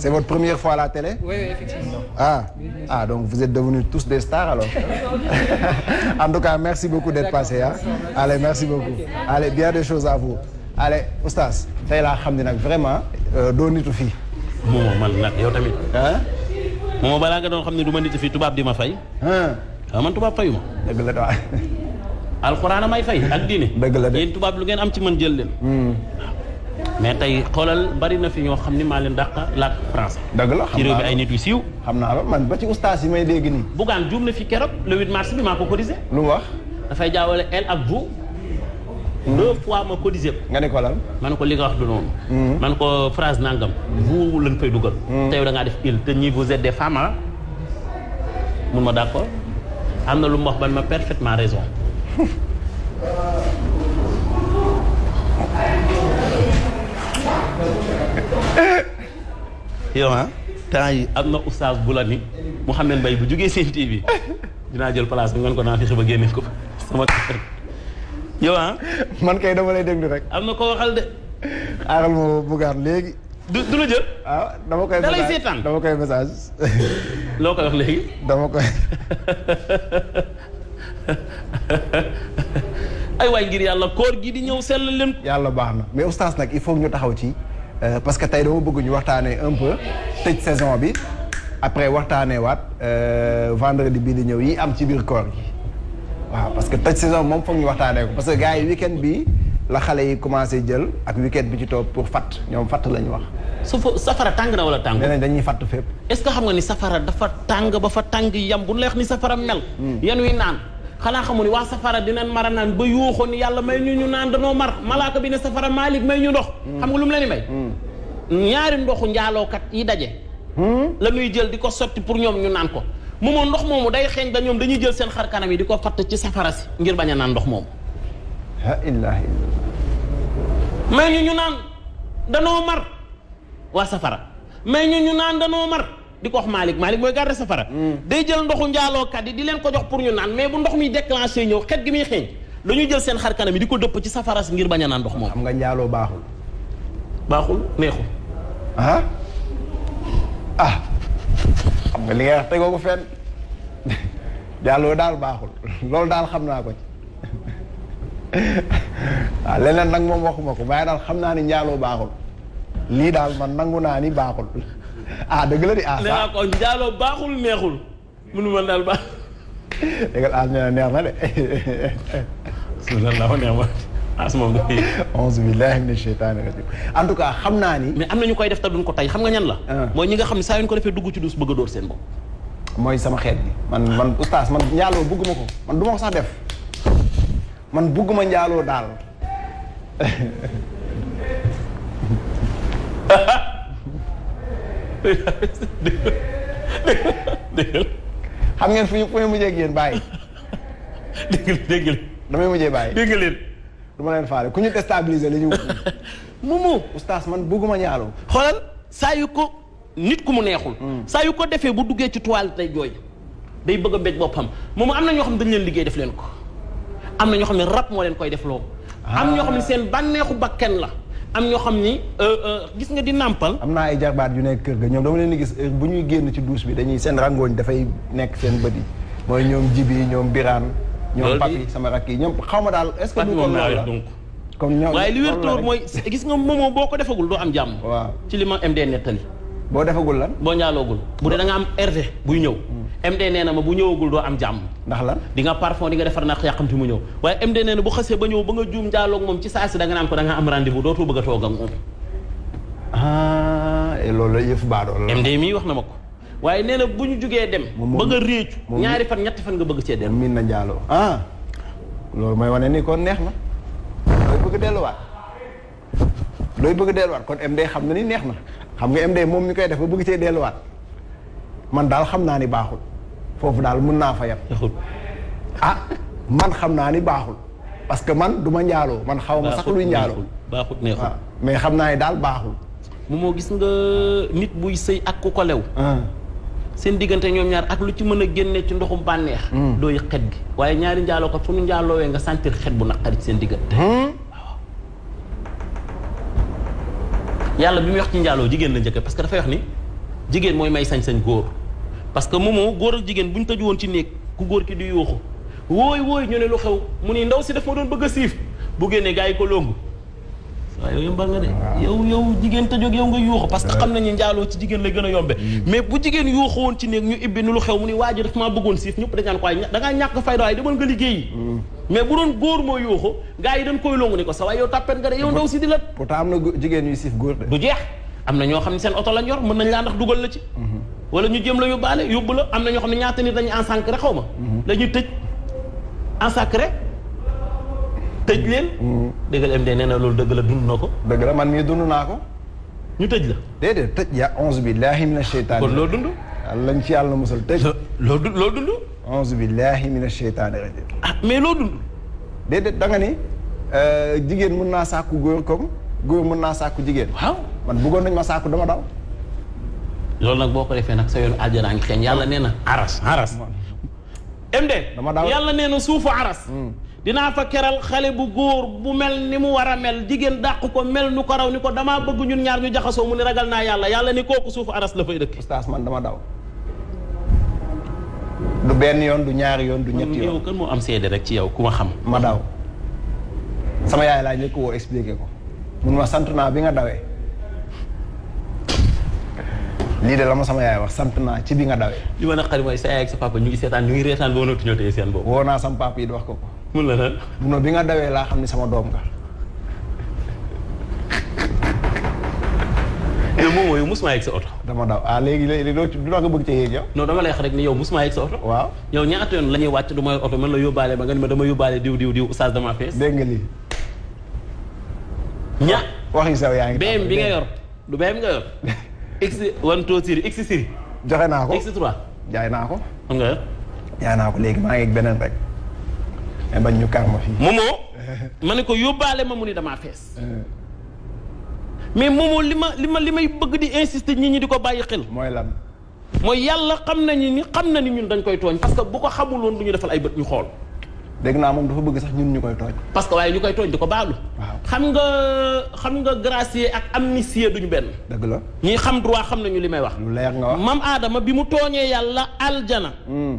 C'est votre première fois la télé? Oui, oui, effectivement. Ah. Ah, vous êtes tous des stars alors. En tout cas, merci beaucoup d'être passé hein. Allez, merci beaucoup. Allez, bien des choses à vous. Allez, oustaz, tey laa xam ne nag vraiment euh, doo nitu fii. Moom man nag yow nga doon xam ne du ma nitu fii tubaab di ma fay. Hein? Ah man tubaab fayu ma. Dëgg alxuraan amay fay ak diine. dëgg la de tubaab lu ngeen am ci man jël leen. Hmm. mais tey xoolal bari na fi ñoo xam ni maa leen dàq làkk français. dëgg la xam ci réew bi ay nit yu siiw. xam naa la ba ci ustaas yi may dégg nii. Bougane juum fi keroog le 8 mars bi maa ko cotisé. lu mu wax. dafay jaawale elle ak vous. Hmm. deux fois ma cotisé nga ne ko lan. man ko li nga wax du noonu. Hmm. man ko phrase nangam. vous lañ fay dugal. te yow def il te ñi set êtes des femmes ah. mun ma d' accord am na lu mbox wax ban ma parfaitement raison. yow ah temps yi am na oustaz bu la ni Mouhamed Mbaye bu jógee seen TV dinaa jël place bi ngeen ko naa fexe ba génneel ko sama yow ah man kay dama lay déglu rek am na ko waxal de aaral ma léegi du la jël waaw ah, dama koy message loo koy wax léegi dama koy ay waay ngir yàlla koor gi di ñëw sell leen. yàlla baax na mais oustaz nag il faut ñu taxaw ci euh, parce que tey dama bëgguñu ñu waxtaanee un peu tëj saison bi après waxtaanee waat euh, vendredi bii di ñëw yi am ci biir koor gi waaw parce que tëj saison moom foog ñu waxtaanee ko parce que gars yi week bi la xale yi commencé jël ak week bi ci topp pour fat ñoom fatt lañu ñu wax. su fa safara tàng wala tàng. dañuy fatt fépp. est-ce que xam nga ba fa tàng yam bu neex ni safara mel. Hmm. yan naan. xanaa xamu ni waa safara dina mara naan ba yuuxoo ni yàlla may ñu ñu naan danoo mar malaaka bi ne safara maalik may ñu ndox hmm. xam nga lu mu leen hmm. ñaari ndoxu njaalookat yi daje hmm? la ñuy jël di ko sotti pour ñoom ñu naan ko moomoon ndox moomu day xeeñ da ñoom dañuy jël seen xar yi di ko fatt ci safara si ngir bañ a naan ndox moomu la ilaha ñu ñu naan danoo mar waa safara may ñu ñu naan danoo mar di ko wax Malick Malick mooy garde safara hmm. day jël ndoxu njaalookat yi di leen ko jox pour ñu naan mais bu ndox mi déclenché ñëw xet gi muy xeeñ dañuy jël seen xar kanam yi di ko dëpp ci safara si ngir bañ a naan ndox moom xam nga njaaloo baaxul baaxul neexul ah, ah. xam nga li ngay tegoo ko fenn njaaloo daal baaxul loolu daal xam naa ko ah, leneen nag moom waxuma ko waaye daal xam naa ni njaaloo baaxul lii daal man nangu naa ni baaxul ah dëgg la ah, di ah. nee njaaloo baaxul neexul. mënu ma daal baax. dëgg la as neex na de. bisimilah neex ma ah, moom day. auzu billahi mina en tout cas xam naa ni. mais am na koy def te duñ ko tey xam nga ñan la. Ah. mooy ñi nga xam ne saa yu ko defee dugg ci duus bëgg seen bopp. mooy sama xeet bi man man oustaz man njaaloo bëgguma ko man du ma ko sax def man bëgguma njaaloo daal. dégg xam ngeen fu ñu fu ñu mujjee ak bàyyi. dégg dégg damay mujjee bàyyi dégg leen. du ma leen faale ku ñu déstabiliser li ñu. Moumou. oustaz man bëgguma ñaalo. xoolal saa yu ko nit ku mu neexul. Hmm. saa yu ko defee bu duggee ci toile day jooy. day bëgg a béj boppam moom am na ñoo xam ne dañu leen liggéey def leen ko. am na ñoo xam ne rab moo leen koy def loo. Ah. am ñoo xam ne seen bànneexu bakken la. am ñoo xam ni euh, euh, gis nga di nàmpal. am naa ay jarbaat yu nekk kër ga ñoom dama leen di gis euh, bu ñuy génn ci douche bi dañuy seen rangooñ dafay nekk seen bët yi mooy ñoom jibi ñoom biraan ñoom papi sama rakk yi ñoom xaw ma daal est-ce que. du ko la donc. comme ñoom waaye li wér-tóor mooy gis nga moomoo boo ko defagul doo am jàmm. waaw ci li ma MD nettali. boo defagul lan boo ñaaloogul bu dee da nga am RD buy ñëw MD nee na ma bu ñëwagul doo am jàmm ndax lan di nga parfum di nga defar na yàqamti mu ñëw waaye MD nee na bu xasee ba ñëw ba nga juum njaaloog moom ci saa si da nga naan ko da am rendez-vous dootoo bëgg a toog ak moom ah loolu yëf baadool la MD mii wax na ma ko waaye nee na bu ñu jugee dem ba nga réecu ñaari fan ñetti fan nga bëgg cee dem miin na njaaloo ah mooy wane ni kon neex na looy bëgg delluwaat looy bëgg delluwaat kon MD xam na ni neex na xam nga MD moom mi koy def ba bëgg cee delluwaat man daal xam naa ni baaxul foofu daal mën naa fa yem. ah man xam naa ni baaxul parce que man du ma njaaloo man xaw ma sax luy njaaloo baaxul neexul ah, mais xam naa ni daal baaxul mu moo gis nga nit buy sëy ak ku ko lew ah. seen diggante ñoom ñaar ak lu ci mën a génne ci ndoxum bànneex hmm. dooy xet gi waaye ñaari njaaloo ko fu nu njaaloowee nga sentir xet bu naqari seen diggante hmm. yàlla bi muy wax ci njaaloo jigéen la njëkk parce que dafay wax ni jigéen mooy may sañ-sañ góor parce que moomoo góor ak jigéen bu ñu tëju woon ci néeg ku góor ki di yuuxu wooy wooy ñu ne lu xew mu ni ndaw si daf doon bëgg a siif bu génnee gars ko longu waaw yow yëmbal nga de yow yow jigéen tëjoog yow nga ci jigéen a yombe mm. mais bu jigéen yuuxu woon ci néeg ñu ibbi nu waa ji daf maa bëggoon siif ñëpp dañaan ko waay da ngaa ñàkk fayda waaye demal nga liggéey mm. mais bu doon góor moo yuuxu gaa yi dañ koy longu ni ko sa waay yow tàppet nga de yow ndaw si di la pourtant am na de ñoo xam ne seen oto lañ yor mën nañ laa ndax dugal la ci mm-hmm. wala ñu jëm la yóbbaale yóbbu la am na ñoo xam ne ñaata nit dañu ensancré xaw ma dañuy mm-hmm. tëj ensancré tëj leen mm-hmm. dëggal MD nee na loolu dëgg la dund na ko dëgg man mii dund naa ko ñu tëj la déedéet tëj yaa onze billahi mina sheytaan kon loo dund lañ ci yàlla musal tëj loo dund auzu billahi mina sheytaani rajim ah mais loo dund déedéet da nga ni euh, jigéen mun naa sàkku góor comme góor mun naa sàkku jigéen waaw man bëggoon nañ ma sàkku dama daw loolu nag boo ko defee nag sa yoon àjjanaa ngi xeeñ yàlla nee na aras aras MD dama daw yàlla nee na suufu aras hmm. dinaa fa keral xale bu góor bu mel ni mu war a mel jigéen dàq ko mel nu ko raw ni ko damaa bëgg ñun ñaar ñu jaxasoo mu ne ragal naa yàlla yàlla ni kooku suufu aras la fay dëkk man dama daw du benn yoon du ñaari yoon du ñetti yoon yow kan moo am seede rek ci yow ku ma xam. ma daw sama yaay laa njëkk woo expliqué ko mun ma sant naa bi nga dawee lii de la ma sama yaay wax sant naa ci bi nga dawee. li ma naqari mooy sa yaay ak sa papa ñu ngi seetaan ñu ngi reetaan boo noo tuñoo tey seen bopp. woo naa sama papa yi di wax ko ko. mun la mun ma bi nga dawee laa xam ni sama doom nga. yow moom yow mosuma yegg sa oto. dama daw ah léegi léegi doo nga bëgg ca yéeg yow. non dama lay rek ni yow mosuma yegg sa oto. waaw yow yoon la wàcc du may oto man la yóbbaale ba nga ni ma dama yóbbaale diw nga yor X one two three X three. joxe naa ko X trois. jaay naa ko. xam nga. jaay naa ko léegi maa ngi ak beneen rek. mais bañ ñu kar ma ko yóbbaale ma mais moom li ma li ma li may bëgg di insister nit ñi di ko bàyyi xel. mooy lan. mooy yàlla xam nañu ni xam na ni ñun dañ koy tooñ. parce que bu ko xamul woon du ñu defal ay bët ñu xool. dégg naa moom dafa bëgg sax ñun ñu koy tooñ. parce que waaye ñu koy tooñ di ko baalu. xam nga xam nga gracier ak am amnistie duñu benn. dëgg la ñi xam droit xam nañu li may wax. lu leer nga wax maam aadama bi mu tooñee yàlla aljana. Hmm.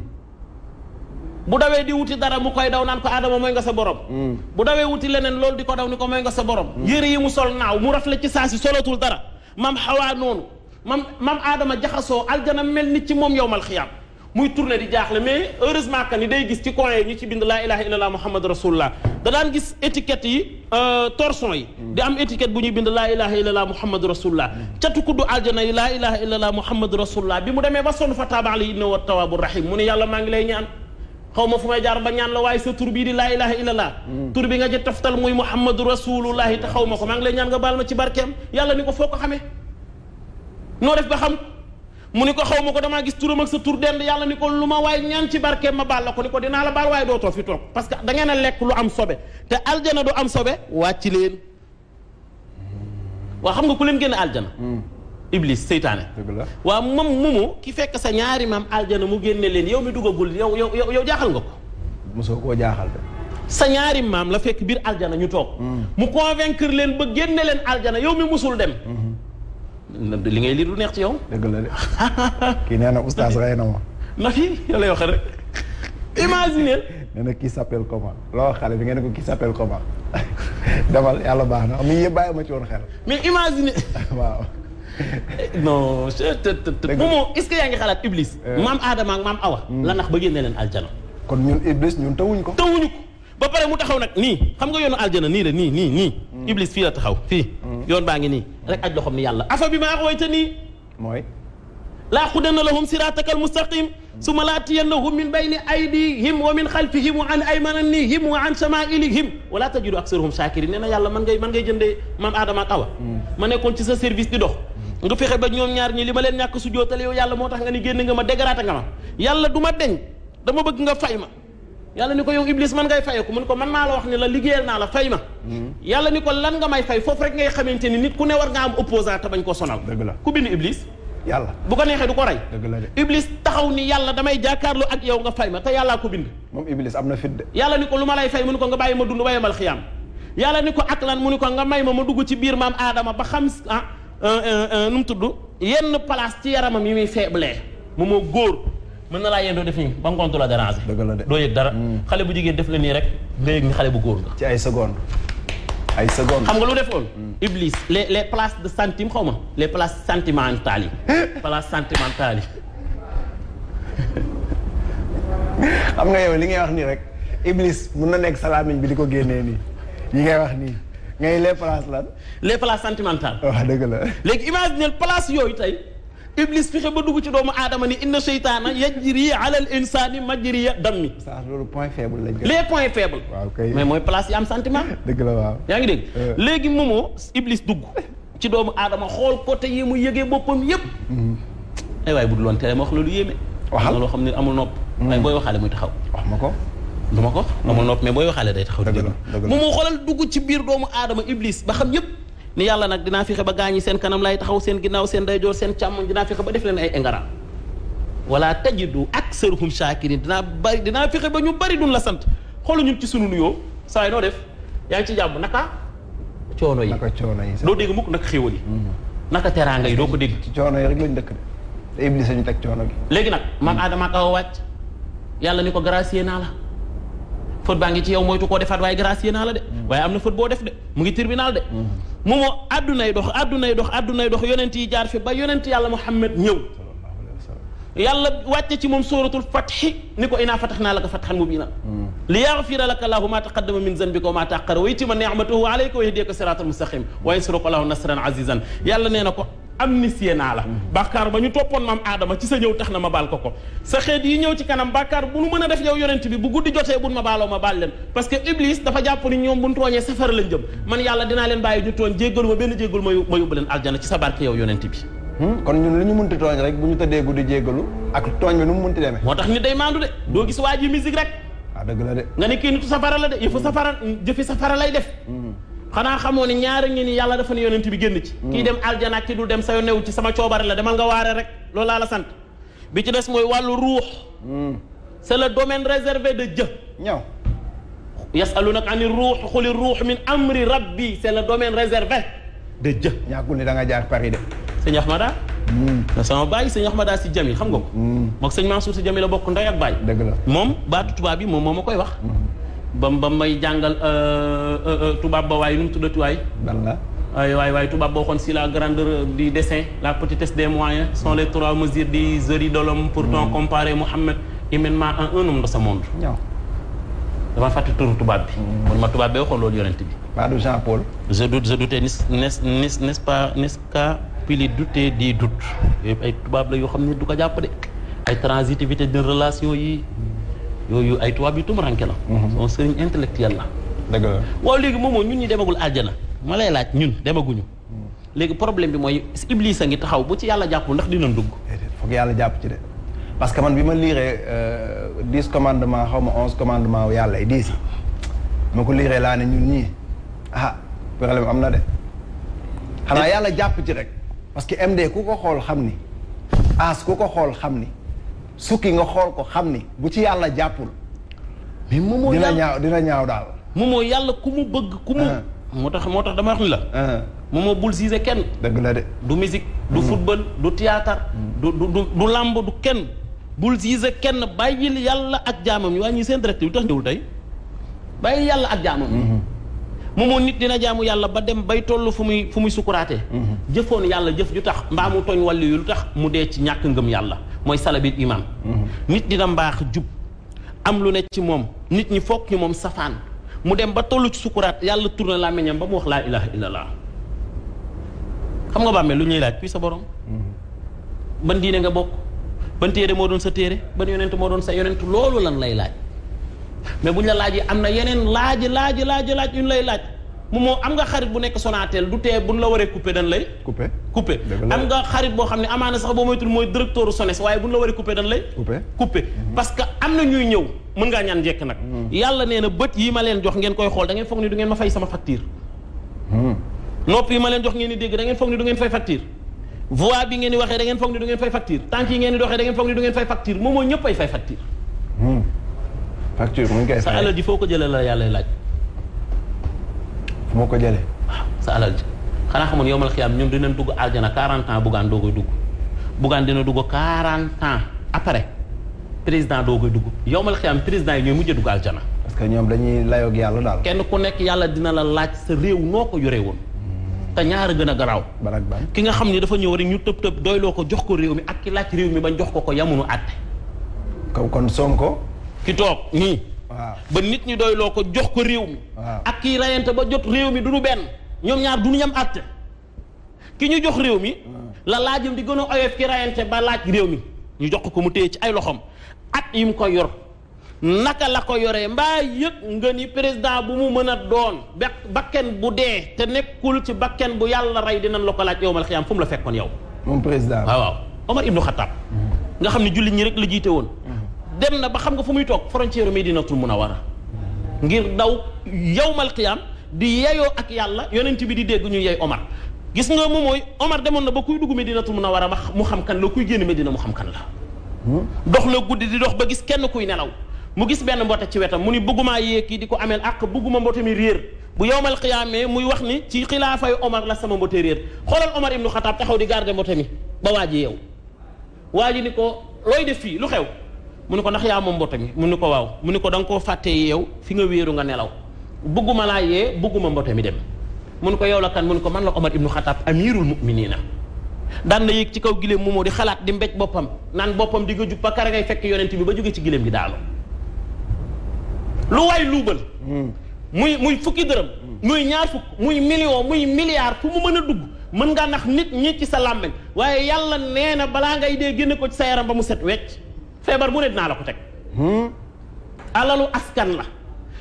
bu dawee di wuti dara mu koy daw naan ko aadama mooy nga sa borom mm. bu dawee wuti leneen loolu di ko daw ni ko mooy nga sa borom mm. yére yi mu sol naaw mu rafle ci saa si solatul dara mam xawaa noonu mam mam aadama jaxasoo aljana mel ni ci moom yowmal xiyaam muy tourné di jaaxle mais heureusement que ni day gis ci coin yi ñu ci bind laa ilaha illallah muhammad rasulullah da daan gis étiquette yi euh, torson yi mm. di am étiquette bu ñu bind laa ilaha illallah muhammad rasulullah catu kuddu aljana yi laa ilaha illallah muhammad rasulullah bi mu demee ba sonn fa taabaan la inna wa tawaabu rahim mu ne yàlla maa ngi lay ñaan xaw ma fu may jaar ba ñaan la waaye sa tur bii di laa ilaha illallah mm. tur bi nga ci toftal muy muhammadu rasulullahi te xaw ma ko maa ngi lay ñaan nga baal ma ci barkeem yàlla ni ko foo ko xamee noo def ba xam mu ni ko xaw ma ko damaa gis turam ak sa tur dend yàlla ni ko lu ma waaye ñaan ci barkeem ma baal la ko ni ko dinaa la baal waaye dootoo fi toog parce que da a lekk lu am sobe te aljana du am sobe wàcc leen mm. waa xam nga ku leen génn aljana mm. iblis seytaane waa moom moomu ki fekk sa ñaari maam aljana mu génne leen yow mi duggagul yow yow yaw jaaxal nga ko mosoo koo jaaxal de sa ñaari maam la fekk biir aljana ñu toog mm. mu convaincre leen ba génne leen aljana yow mi musul dem mm-hmm. li ngay liir du neex ci yow dëgg la de kii nee na oustaz rey na ma na fi yow lay wax rek imaginer nee na kii s'appelle comment wax xale bi ngeen ne ko kii s'appelle comment demal yàlla baax na am yëpp ma ci woon xel mais non. Momo est-ce que yaa ngi xalaat Iblis. Euh. maam Adama ak maam Awa. Hmm. la nax ba génne leen aljana. kon ñun Iblis ñun tawuñ ko. tawuñu ko ba pare mu taxaw nag nii xam nga yoonu aljana nii la nii nii nii. Hmm. Iblis fii la taxaw fii. Hmm. yoon baa ngi nii rek aj loxoom ni yàlla afa bi maa awoyta nii. mooy. laa xudanna lahum siratakal mustaqim suma laatiyannahum min bayni aydihim wa min xalfihim wa an aymanihim wa an samailihim wala tajidu aksarahum shakirin nee na yàlla man ngay man ngay jëndee maam Adama ak Awa. ma nekkoon ci sa service di dox. nga fexe ba ñoom ñaar ñi li ma leen ñàkk su jootal yow yàlla moo tax nga ni génn nga ma dégraté nga ma yàlla du ma deñ dama bëgg nga fay ma yàlla ni ko yow iblis man ngay fayeku man maa la wax ne la liggéeyal naa la fay ma hmm. ko lan nga may fay foofu rek xamante ni nit ku ne war nga am opposant te bañ ko la ku bind iblis yàlla bu ko taxaw ni yàlla damay jàkkaarloo ak yow nga fay ma te yàllaa ko bind moom iblis am na yàlla ni ko lu ma lay fay mu ni ko nga bàyyi ma dund ba yemal yàlla ni ko ak lan mu ni ko nga may ma ma dugg ci biir maam aadama ba xam ah nu mu tudd yenn place ci yaramam yi muy faible moom moo góor mën na laa yendoo def nii ba ngoontu la déranger. dëgg la de doo yëg dara. Mm. xale bu jigéen def la nii rek nga yëg ni xale bu góor ci ay secondes ay secondes. xam nga lu defoon. Mm. Iblis le les places de centime xaw ma les places sentimentales yi places sentimentales yi. xam nga yow li ngay wax nii rek Iblis mun na nekk salaamiñ bi di ko génnee nii yi ngay wax nii. ngay les places lan. les places sentimentales. waaw ah, dëgg la. léegi imaginez place yooyu tey. Iblis fexe ba dugg ci doomu aadama ni inna seytaana yajri alal insaani majriya dammi. saa loolu point faible lañ les points faibles. waaw kay mais mooy place yi am sentiment. dëgg la waaw. yaa ngi dégg euh. léegi moomoo Iblis dugg ci doomu aadama xool côté yi mu yëgee boppam yëpp. Mm-hmm. ay waay bu dul woon tere ma wax loolu yéeme. waxal loo xam ne amul nopp. waaye mm. booy waxaale muy taxaw. wax ma ko. du ko ah. amul nopp mais booy waxaale day taxaw di moom moo xoolal dugg ci biir doomu aadama iblis ba xam yëpp ni yàlla nag dinaa fexe ba gaañi seen kanam lay taxaw seen ginnaaw seen dayjoor seen càmmoñ dinaa fexe ba def leen ay engara wala tajidu aksaruhum shakirin dinaa bari dinaa fexe ba ñu bari duñ la sant xoolu ñun ci sunu nuyoo saa yi noo def yaa ci jàmm naka coono yi naka coono yi doo dégg mukk naka xéwal yi mm. naka teraanga yi doo ko dégg ci coono yi rek lañ dëkk de iblis lañu teg coono léegi nag maam aadama mm. ak awa wàcc yàlla ni ko gracier naa la faute baa ngi ci yow moytu ko defaat waaye gracier naa la de mm. waaye am na faute boo def de mu ngi tribunal de mu mm. moo àddunay dox àddunay dox àddunay dox yonent yi jaar fi ba yonent yàlla Muhammad ñëw yàlla wàcce ci moom sóoratul fatxi ni ko inaa fatax naa laka fatxan mubiina mm. li yaxfira laka llaahu maa taqaddama min zanbika wa maa taaqara wa yutima nicmatahu alayka wa yahdiyaka siraatal mustaqim wa yansuruka llaahu nasran azizan yàlla nee na ko am amnistie naa la mm-hmm. bàkkaar ba ñu toppoon maam aadama ci sa ñëw tax na ma baal ko ko sa xeet yi ñëw ci kanam bàkkaar bu nu mën a def yow yonent bi bu guddi jotee bu ma baaloo ma baal leen parce que iblis dafa jàpp ni ñoom bu ñu tooñee safara lañ jëm man yàlla dinaa leen ma benn jéggalu ma yóbbu leen aljana ci sa barke yow yonent bi hmm? kon ñun lu ñu munti tooñ rek bu ñu tëddee guddi jéggalu ak tooñ bi nu mu munti demee moo tax nit day maandu de hmm. doo gis waa ji rek ah, nga ne kii nitu safara la de yëfu hmm. safara jëfi safara lay def xanaa xamoo ne ñaara ngi ni yàlla dafa ne yonent bi génn ci mm. kii dem aljana ak ki dul dem sayo new ci sama coobare la demal nga waare rek loolu laa la sant bi ci des mooy wàllu ruux mm. c'est le domaine réservé de Dieu ñëw yasalunaka ani ruux xuli ruux min amri rabbi c'est le domaine réservé de Dieu ñàkkul ne da nga jaar Paris de sëñ Ahmada da mm. sama bàyyi ma Ahmada si jami xam nga ko mook sëñ Mansour si jami la bokk ndey ak bàyyi dëgg la moom baatu tubaab bi moom moo ma koy wax ba ba may jàngal euh, euh, euh, tubaab ba waaye nu mu tuddati waay. la waaye waay waay tubaab boo xoon si la grandeur du dessein la petitesse des moyens son les trois mesures des œurs de l'homme pourtant hmm. comparé Mohammed humainement à un homme de ce monde. dama fàtte turu tubaab bi. man hmm. ma tubaab bee waxoon loolu yonent bi. pas de Jean Paul. je doute je nes n'est-ce pas n'est-ce pili douter di doute. ay tubaab la yoo xam ne du ko jàpp de. ay transitivité de relation yi. yooyu ay tubaab yu tumuranke la mhm. son sëriñ la dëgg la waaw léegi moomoo ñun ñu demagul aljana ma lay laaj ñun demaguñu mhm. léegi problème bi mooy iblis a ngi taxaw bu ci yàlla jàppul ndax dinañ dugg foog yàlla jàpp ci de parce que man bi ma liiree euh, dix commandement xaw ma onze commandement yàlla yi dix yi ma ko liiree laa ne ñun ñii ah problème am na de xanaa yàlla jàpp ci rek parce que MD ku ko xool xam ni as ku ko xool xam ni sukki nga xool ko xam ni bu ci yàlla jàppul. mais moom moo dina ñaaw dina ñaaw daal. moo yàlla ku mu bëgg ku mu. Ah. moo tax moo tax dama wax la. moom ah. moo bul siise kenn. dëgg la de. du musique du mm. football du théâtre du du du làmb du kenn. bul siise kenn bàyyil yàlla ak jaamam ñu wàññi seen directeur bi tax ñëwul tey bàyyil yàlla ak jaamam. Mm-hmm. moomoon nit dina jaamu yàlla ba dem bay toll fu muy fu muy sukuraatee mhm. jëfoon yàlla jëf ju tax mbaa mu tooñ wàllu yu lu tax mu dee ci ñàkk ngëm yàlla mooy salabil iman mhm. nit dina mbaax jub am lu ne ci moom nit ñi fokk ñu moom safaan mu dem ba toll ci sukkuraat yàlla tourné làmmiñam ba mu wax laa ilaha illallah xam nga bàmmee lu ñuy laaj kuy sa borom mhm. ban diine nga bokk ban téere moo doon sa téere ban yonent moo doon sa yonent loolu lan lay laaj mais buñ la laajee am na yeneen laaj laaj laaj laaj yu ñu lay laaj mu moo am nga xarit bu nekk Sonatel du tee bu la waree coupé dañ lay. coupé coupé am nga xarit boo xam ne amaana sax boo moytul mooy directeur Sones waaye buñ la waree coupé dañ lay. coupé mhm. parce que am na ñuy ñëw mën ngaa ñaan njëkk nag. Mhm. yàlla nee na bët yi ma leen jox ngeen koy xool da ngeen foog ni du ngeen ma fay sama facture. Mhm. nopp ma leen jox ngeen dégg da ngeen foog ni du ngeen fay facture. voix bi ngeen di waxee da foog ni du ngeen fay facture tànk yi ngeen di doxee facture mu ngi koy sa alal foo ko jëlee la yàlla laaj. fu ko jëlee. waaw sa alal ji xanaa xamoon yow mal ñoom ñun dugg aljana 40 ans bugaan doo koy dugg bugaan dina dugg 40 ans après président doo koy dugg yow mal président yi ñooy mujj a dugg aljana. parce que ñoom dañuy layoog yàlla daal. kenn ku nekk yàlla dina la laaj sa réew noo ko yore woon. Hmm. te ñaar gën a garaaw. ki nga xam ni dafa ñëw rek ñu tëb tëb doyloo ko jox ko réew mi ak ki laaj réew mi bañ jox ko ko yamunu àtte. kon Sonko. ki toog nii. waaw ba nit ñi doyloo ko jox ko réew mi. ak kii rayante ba jot réew mi du nu benn ñoom ñaar du nu ñam àtte ki ñu jox réew mi. Hmm. la laajam di gën a oyof ki rayante ba laaj réew mi ñu jox ko mu téye ci ay loxoom at yi mu ko yor. naka la ko yoree mbaa yëg nga ni président bu mu mën a doon ba bakken bu dee te nekkul ci bakken bu yàlla rey dinañ la ko laaj yow mal xiyaam fu mu la fekkoon yow. président waaw waaw Omar Ibn Khattab. Hmm. nga xam ne jullit ñi rek la jiite woon. Hmm. dem na ba xam nga fu muy toog frontière Medinatul Munawara ngir daw yawmal qiyaam di yeyoo ak yàlla yonent bi di dégg ñu yey Omar gis nga moom mooy Omar demoon na ba kuy dugg Medinatul a ba mu xam kan la kuy génn Medina mu xam kan la. dox la guddi di dox ba gis kenn kuy nelaw mu gis benn mboota ci wetam mu ni bëggumaa yéeg ki di ko ameel ak bëgguma mboota mi réer bu yowmal qiyaamee muy wax ni ci xilaafay Omar la sama mboota réer xoolal Omar ibnu Xataab taxaw di garder mboota mi ba ji yow waa def fii lu xew. mu ne ko ndax yaa moom mboto mi mu ne ko waaw mu ne ko da koo fàtte yow fi nga wéeru nga nelaw bëgguma laa yee bëgguma mboto mi dem mu ne ko yow la kan mu ne ko man la Omar ibnu Xataab amirul muminina daan na yéeg ci kaw gileem moomoo di xalaat di mbéj boppam naan boppam di nga jug ba fekk yonent bi ba jóge ci gileem gi daanu lu waay hmm. muy muy fukki dërëm hmm. muy ñaar muy million muy milliard fu mu mën a dugg mën ngaa nax nit ñi ci sa làmmeñ waaye yàlla nee na balaa ngay dee génne ko sa yaram ba mu set wecc feebar bu ne dinaa la ko teg. alalu askan la.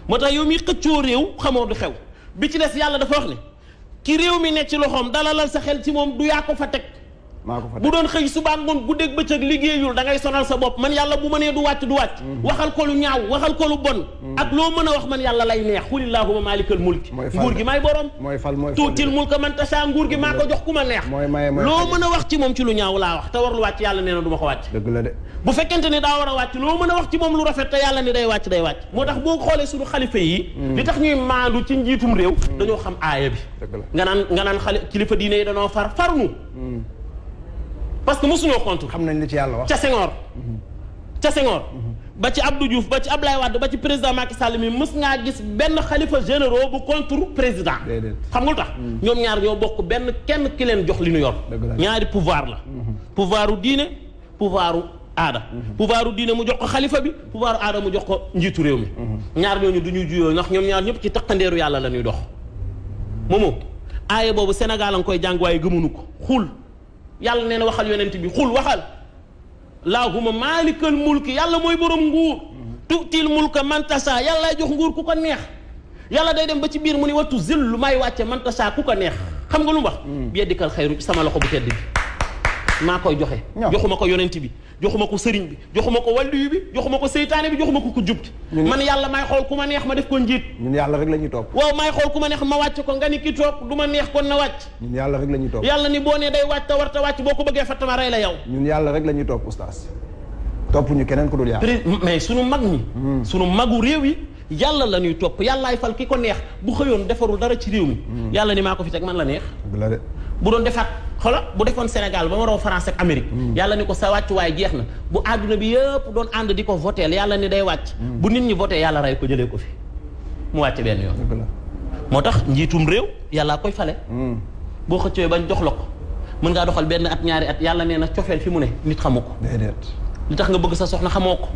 moo tax yow mi xëccoo réew xamoo du xew bi ci des yàlla dafa wax ne ki réew mi ne ci loxoom dalalal sa xel ci moom du yaa ko fa teg. maa ko bu doon xëy subaa ngoon guddeeg bëccëg liggéeyul da ngay sonal sa bopp man yàlla bu ma nee du wàcc du wàcc mhm. waxal ko lu ñaaw waxal ko lu bon mhm. ak loo mën a wax man yàlla lay neex xulillahuma maalikal mulki nguur gi maay borom mooy fal a tuutil mulka man tasa nguur gi maa ko jox ku ma neex loo mën a wax ci moom ci lu ñaaw laa wax te warul wàcc yàlla nee na du ma ko wàcc dëgg la de bu fekkente ni daa war a wàcc loo mën a wax ci moom lu rafet te yàlla ni day wàcc parce que mosuñoo contre. xam nañ li ci yàlla wax ca Senghor. ba ci Abdou Diouf ba ci Ablaye Wade ba ci président Macky Sall mi mës ngaa gis benn xalifa généraux bu contre président. xam nga lu tax. Mm. ñoom ñaar ñoo bokk benn kenn ki leen jox li ñu yor. ñaari pouvoir la. Mm-hmm. pouvoir u diine pouvoir aada. Mm-hmm. pouvoir u diine mu jox ko xalifa bi pouvoir aada mu jox ko njiitu réew mi. Mm-hmm. ñaar ñooñu du ñuy juyoo ndax ñoom ñaar ñëpp ci taqandeeru yàlla la ñuy dox. moomoo aaye boobu Sénégal a nga koy jàng waaye ko yàlla nee na waxal yonent bi xul waxal laahuma maalikal mulki yàlla mooy borom nguur tutil mulka mantasa yàllaay jox nguur ku ko neex yàlla day dem ba ci biir mu ne wattu zil lu may wàcce mantasa ku ko neex xam nga lu wax hmm. bi yeddikal xayru ci sama loxo bu tedd bi maa koy joxe joxuma ko yonent bi joxuma ko sëriñ bi joxuma ko wàlliyu bi joxuma ko seytaane bi joxuma ko ku jubti man yàlla may xool ku ma neex ma def ko njiit ñun yàlla rek la ñuy topp waaw may xool ku ma neex ma wàcc ko nga ni ki toog du ma neex kon na wàcc ñun yàlla rek la ñuy topp yàlla ni boo ne day wàcc te war ta wàcc boo ko bëggee fattama rey la yow ñun yàlla rek la ñuy topp oustaz topp ñu keneen ku dul yàlla mais sunu mag ñi hmm. sunu magu réew yi yàlla la ñuy topp yàllaay fal ki ko neex bu xëyoon defarul dara ci réew mi. Hmm. yàlla ni maa ko fi teg man la neex. bu doon defaat xola bu defoon Sénégal ba waroo France ak Amérique. Hmm. yàlla ni ko sa wàccuwaay jeex na bu àdduna bi yëpp doon ànd di ko voteel yàlla ni day wàcc. Hmm. bu nit ñi voté yàlla rey ko jëlee ko fi mu wàcc benn yoon. moo tax njiitum réew yàllaa koy fale. boo xëccee bañ dox la ko mën ngaa doxal benn at ñaari at yàlla nee na cofeel fi mu ne nit xamu ko. bëgg sa soxna xamoo ko.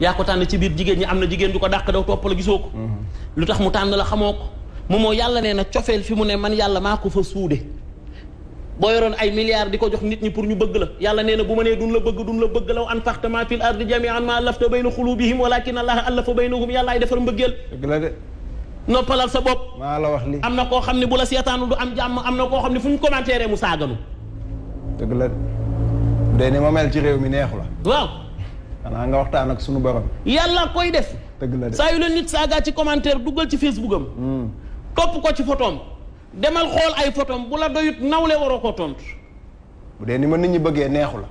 yaa ko tànn ci biir jigéen ñi am na jigéen ju ko dàq daw topp la gisoo ko mm-hmm. lu tax mu tànn la xamoo ko mu moo yàlla nee na cofeel fi mu ne man yàlla maa ko fa suude boo yoroon ay milliards di ko jox nit ñi pour ñu bëgg la yàlla nee na bu ma nee dun la bëgg dun la bëgg law anfaqta ma fil ardi jami'an ma allafta bayna xulubihim walakin allaha allafa baynahum yàlla ay defar noppalal sa bopp maa la wax li am na koo xam ne bu la seetaanu du am jàmm am na koo xam ne fu ñu commentaire mu saaganu dëgg la de ni ma mel ci réew mi neexu la waaw xanaa nga waxtaan ak sunu borom. yàlla koy def. dëgg la de yu la saagaa ci commentaire duggal ci facebook am. Hmm. topp ko ci photoom demal ay photoom bu la doyut nawle waroo koo tontu. bu dee ni ma nit ñi bëggee neexu la.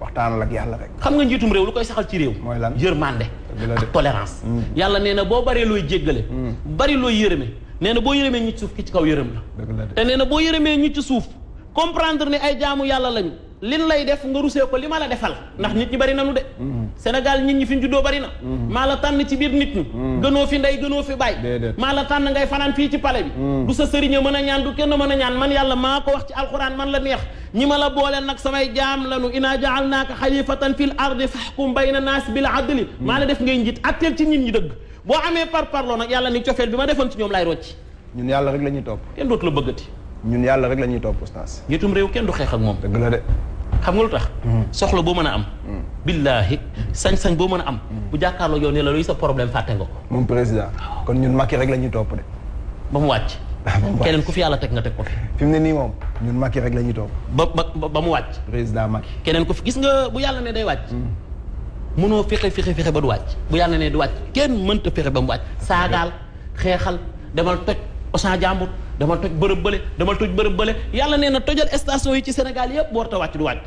waxtaanal ak yàlla rek. xam nga njiitum réew lu koy saxal ci réew. mooy lan yërmande. ak tolérance. Hmm. yàlla nee na boo baree looy jéggale. Hmm. bari looy yërëme. nee na boo yërëmee ñi ci suuf ki ci kaw yërëm la. te nee na boo yërëmee ñi ci suuf comprendre ne ay jaamu yàlla lañu. lin lay def nga rusee ko li ma la defal ndax nit ñi bari nanu de Sénégal nit ñi fi juddoo bari na maa la tànn ci biir nit ñi gënoo fi ndey gënoo fi baay maa la tànn ngay fanaan fii ci pale mm. sa sëriñ a mën a ñaan kenn mën a ñaan man yàlla maa ko wax ci alxuraan man la neex ñi ma la booleel nag samay jaam lanu inaa naa jaalnaaka xalifatan fil ardi faxkum bayna naas bil adli mm. maa la def ngay njit atteel ci nit ñi dëgg boo amee par parloo nag yàlla ni cofeel bi ma defoon ci ñoom laay rocci ñun yàlla rek la ñuy topp kenn dootu la bëggati ñun yàlla rek la ñuy topp oustaz. njiitum réew kenn du xeex ak moom. dëgg la de. xam nga tax. Hmm. soxla boo mën a am. Hmm. billaahi sañ-sañ boo mën a am. Hmm. bu jàkkaarloo yoon ne la luy sa problème fàtte nga ko. moom président kon ñun Macky rek lañuy ñuy topp de. ba mu wàcc. keneen ku fi yàlla teg nga teg ko fi. fi mu ne nii moom ñun rek la ñuy topp. ba ba ba mu wàcc. président Macky. keneen ku fi gis nga bu yàlla ne day wàcc. mënoo fexe fexe fexe ba du wàcc. bu yàlla ne du wàcc kenn mënta fexe ba mu wàcc. daal xeexal demal toj osan jàmbur dama toj bërëb bële dama toj bërëb bële yàlla nee na tojal estation yi ci Sénégal yëpp bu warta wàcc du wàcc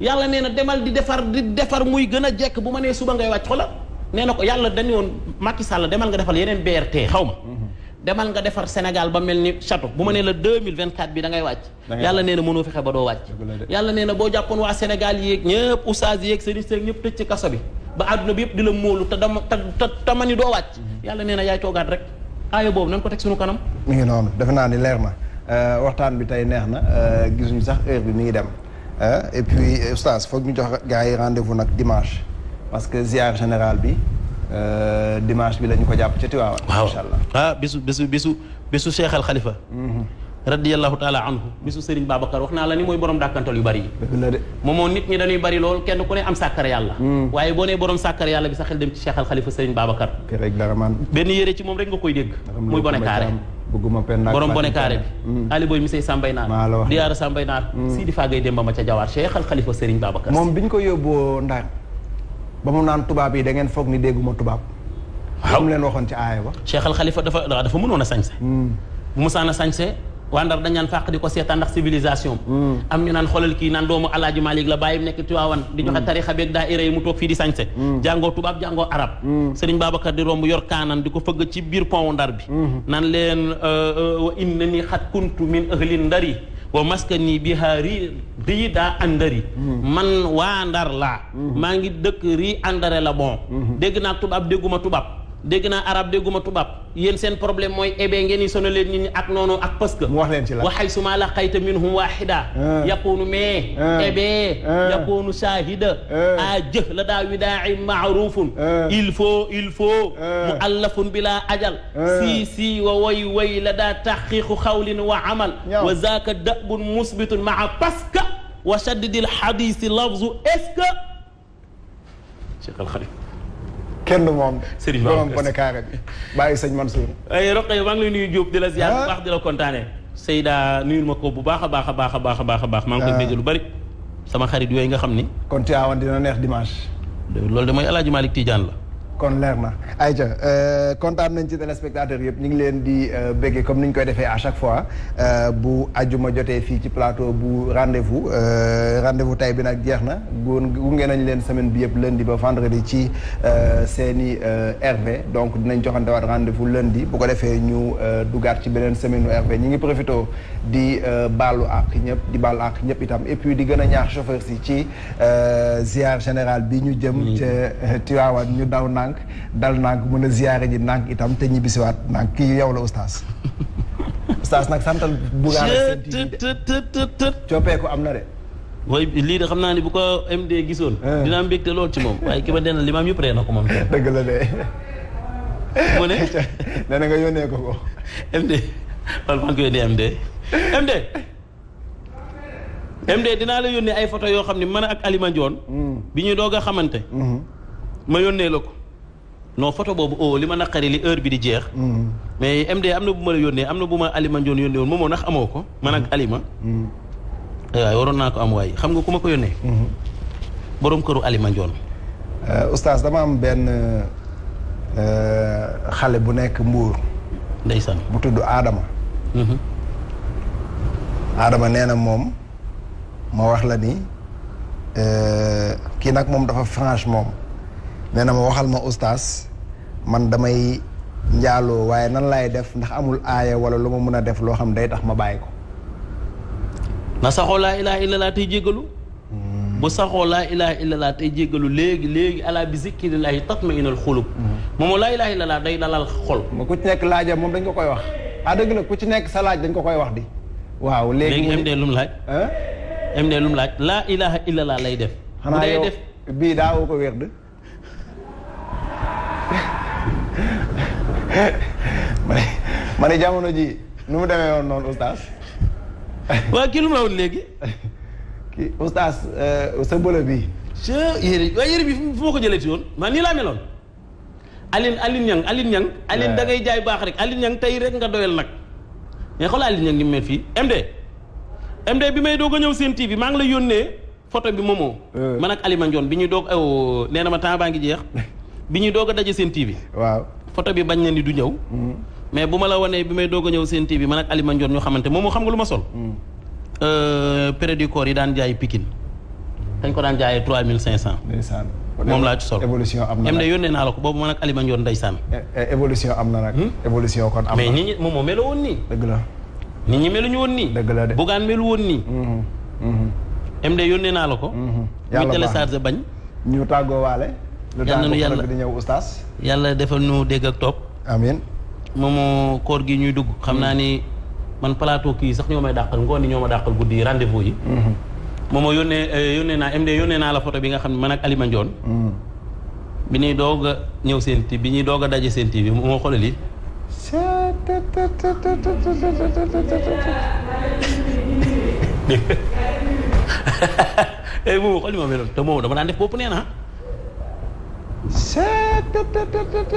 yàlla nee na demal di defar defar muy gën a jekk bu ma nee suba ngay wàcc xoolal nee na ko yàlla dañu woon Macky Sall demal nga defal yeneen BRT xaw ma demal nga defar Sénégal ba mel ni château bu ma nee la 2024 bi da ngay wàcc yàlla nee na mënoo fexe ba doo wàcc yàlla nee na boo jàppoon waa Sénégal yéeg ñëpp oustaz yéeg sëriñ sëriñ ñëpp tëj ci kaso bi ba àdduna bi yëpp di la móolu ta dama te te tamani doo wàcc mm-hmm. yàlla nee na yaay toogaat rek aayo boobu nañ ko teg suñu kanam. mi ngi noonu defe naa ni leer na euh, waxtaan bi tey neex na euh, gisuñu sax heure bi mi ngi dem euh, et puis oustaz foog ñu jox gars yi rendez-vous nag dimanche parce que ziare général bi dimanche bi lañu ko jàpp ca Tiwaawan. waaw incha allah ah bisu bisu bisu bisu Cheikh radiallahu taala anhu bisu Serigne Babacar wax naa la ni mooy borom dàkkantal yu bari yi moom moo nit ñi dañuy bari lool kenn ku ne am sàkkar yàlla hmm. waaye boo nee borom sàkkar yàlla bi sa xel dem ci Cheikh Al Khalifa Serigne Babacar benn yére ci moom rek nga koy dégg muy bone kaare borom bone kaare bi hmm. ali booy mi sey sàmbay naar diyaara sàmbay naar hmm. sii di dem ba ma ca jawaar Cheikh Al Khalifa Serigne Babacar moom biñ ko yóbboo ndax ba mu naan tubaab yi da ngeen foog ni dégguma tubaab waaw leen waxoon ci aaya ba Cheikh Al Khalifa dafa dafa mënoon a sañse bu mu saan a sañse waa Ndar dañ naan fàq di ko seetaan ndax civilisation hmm. am ñu naan xoolal kii naan doomu alaaji Malick la bàyyi bàyyim nekk Tiwaawan di joxe hmm. tarixa beeg daayira yi mu toog fii di sañse hmm. jàngoo tubaab jàngoo arab Serigne Babacar di romb yor kaanan di ko fëgg ci biir pont Ndar bi naan leen euh, euh, indi na nii xat kuntu min ahli ndari wa nii bii ri rii daa àndari man waa Ndar laa maa ngi dëkk rii àndare la bon dégg naa tubaab dégguma tubaab dégg naa arab dégguma tubaab yéen seen problème mooy ebe ngeen yi sono leen nit ñi ak noonu ak parce que mu wax leen ci la waxay suma la xayta minhum wahida ah. yakunu mee ebe ah. ah. yakunu shahida a jëh la daa widaai maarufun il faut il faut mu allafun bila ajal si si wa way way la daa taxqiqu xawlin wa amal wa zaka dabun musbitun maa parce que wa shaddidil hadisi lafzu est ce que Cheikh Al Khadim kenn moom. Serigne Babacar Sy borom Bonekaare bàyyi sëñ Mansour. Roqe maa ngi lay la ziar bu ah. baax di la kontaanee. Seyda nuyul ma ko bu baax a baax a baax a baax a baax a baax. maa ngi koy dégg ah. lu bari. sama xarit yooyu nga xam ni. kon Tivaouane dina neex dimanche. loolu de mooy El Hadj la. kon leer na Aïcha euh, kontaan nañ ci téléspectateurs yëpp ñu ngi leen di euh, béggee comme ni ñu koy defee à chaque fois euh, bu ajuma jotee fii ci plateau bu rendez-vous rendez-vous tay bi nag jeex na gunge nañ leen semaine bi yëpp lundi ba vendredi ci seeni RV donc dinañ joxante waat rendez-vous lundi bu ko defee ñu dugaat ci beneen semaine RV ñu ngi profité di baalu ak ñëpp di baalu ak ñëpp itam et puis di gën a ñaax chauffeur si ci ziar général bi ñu jëm nànk dal nànk mën a ziyaare ji nànk itam te ñibbisiwaat nànk kii yow la oustaz oustaz nag santal bugaana seen tv de coppeeku am na de mooy lii de xam naa ni bu ko MD gisoon eh. dinaa mbégte lool ci moom waaye ki ma den limaam yëpp ree na ko moom dëgg la de mu ne nee na nga yónnee ko ko MD wala maa ngi koy yónnee MD MD MD dinaa la yónnee ay photo yoo xam ne man ak Alima Ndione hmm. bi ñuy doog a xamante hmm. ma yónnee la ko non photo boobu o oh, li ma naqari li heure bi di jeex. Mm-hmm. mais MD am na bu ma la yónnee am na bu ma Alima Ndione yónnee woon moomoo ndax amoo ko. Mm-hmm. man ak Alima. Mm-hmm. waaye waroon naa ko am waaye xam nga ku ma ko yónnee. këru Alima Ndione. Euh, oustaz dama am benn euh, xale bu nekk Mbour. ndeysaan bu tudd Adama. Adama nee na moom moo wax la ni euh, kii nag moom dafa franche moom. nee na ma waxal ma ustaas man damay njaaloo waaye nan laay def ndax amul aaya wala lu ma mën a def loo xam day tax ma bàyyi ko na saxoo laa ilaha illallah tey jéggalu hmm. bu saxoo laa ilaha illallah tey jéggalu léegi léegi ala bi zikrillahi tatmainul xulub moom laa ilaha illallah day dalal xol ku ci nekk laaja moom dañ ko koy wax ah dëgg ku ci nekk sa laaj dañ ko koy wax di waaw léegi m dee laaj m laaj laa ilaha illallah lay def xanaa yow bii daawoo ko wér de ma ne jamono ji nu mu demee woon noonu oustaz. waa kii lu mu la woon léegi. kii oustaz eh, sa bële bii. je yére waaye yére bi fu ma ko jëlee ci woon maa nii laa meloon. Aline alin Niang Aline Niang. Eh. Aline da jaay baax rek Aline Niang tey rek nga doyal nag. mais xoolal Aline Niang ni mu mel fii MD. MD bi may doog a ñëw seen TV maa ngi lay yónnee photo bi moomoo. Eh. man ak Alima bi ñuy doog a oh, nee na ma temps baa ngi jeex. bi ñuy doog a daje seen TV. waaw. photo bi bañ na ni du ñëw. mais bu ma la wanee bi may doog a ñëw seen TV man ak Alima Ndione ñoo xamante moom moo xam nga lu ma sol. Euh, période du corps yi daan jaay Pikine dañ ko daan jaayee trois mille cinq cent. ndeysaan moom laa ci sol évolution am na nag naa la ko boobu man ak Alima Ndione ndeysaan. E, e, évolution am na nag. Hmm? évolution kon am mais nit ñi moom moo melu woon nii. dëgg la nit ñi meluñu woon nii. dëgg la de bugaan melu woon nii. MD mm-hmm. mm-hmm. yónnee naa la ko. Mm-hmm. yàlla baax mu sa bañ. ñu tàggoo waale. yal na nu yàlla di ñëw oustaz yàlla defal nu dégg ak topp amiin moomu koor gi ñuy dugg xam naa hmm. ni man plateau kii sax ñoo may dàqal ngoon ni ñoo ma dàqal guddi yi rendez-vous yi hmm. moomoo yónnee eh, yónnee bi nga xam ne man ak Alima hmm. ñuy doog ñëw seen TV bi ñuy doog a daje seen TV moo xoolal lii tey eh, moom xool daan def bopp nee na c'est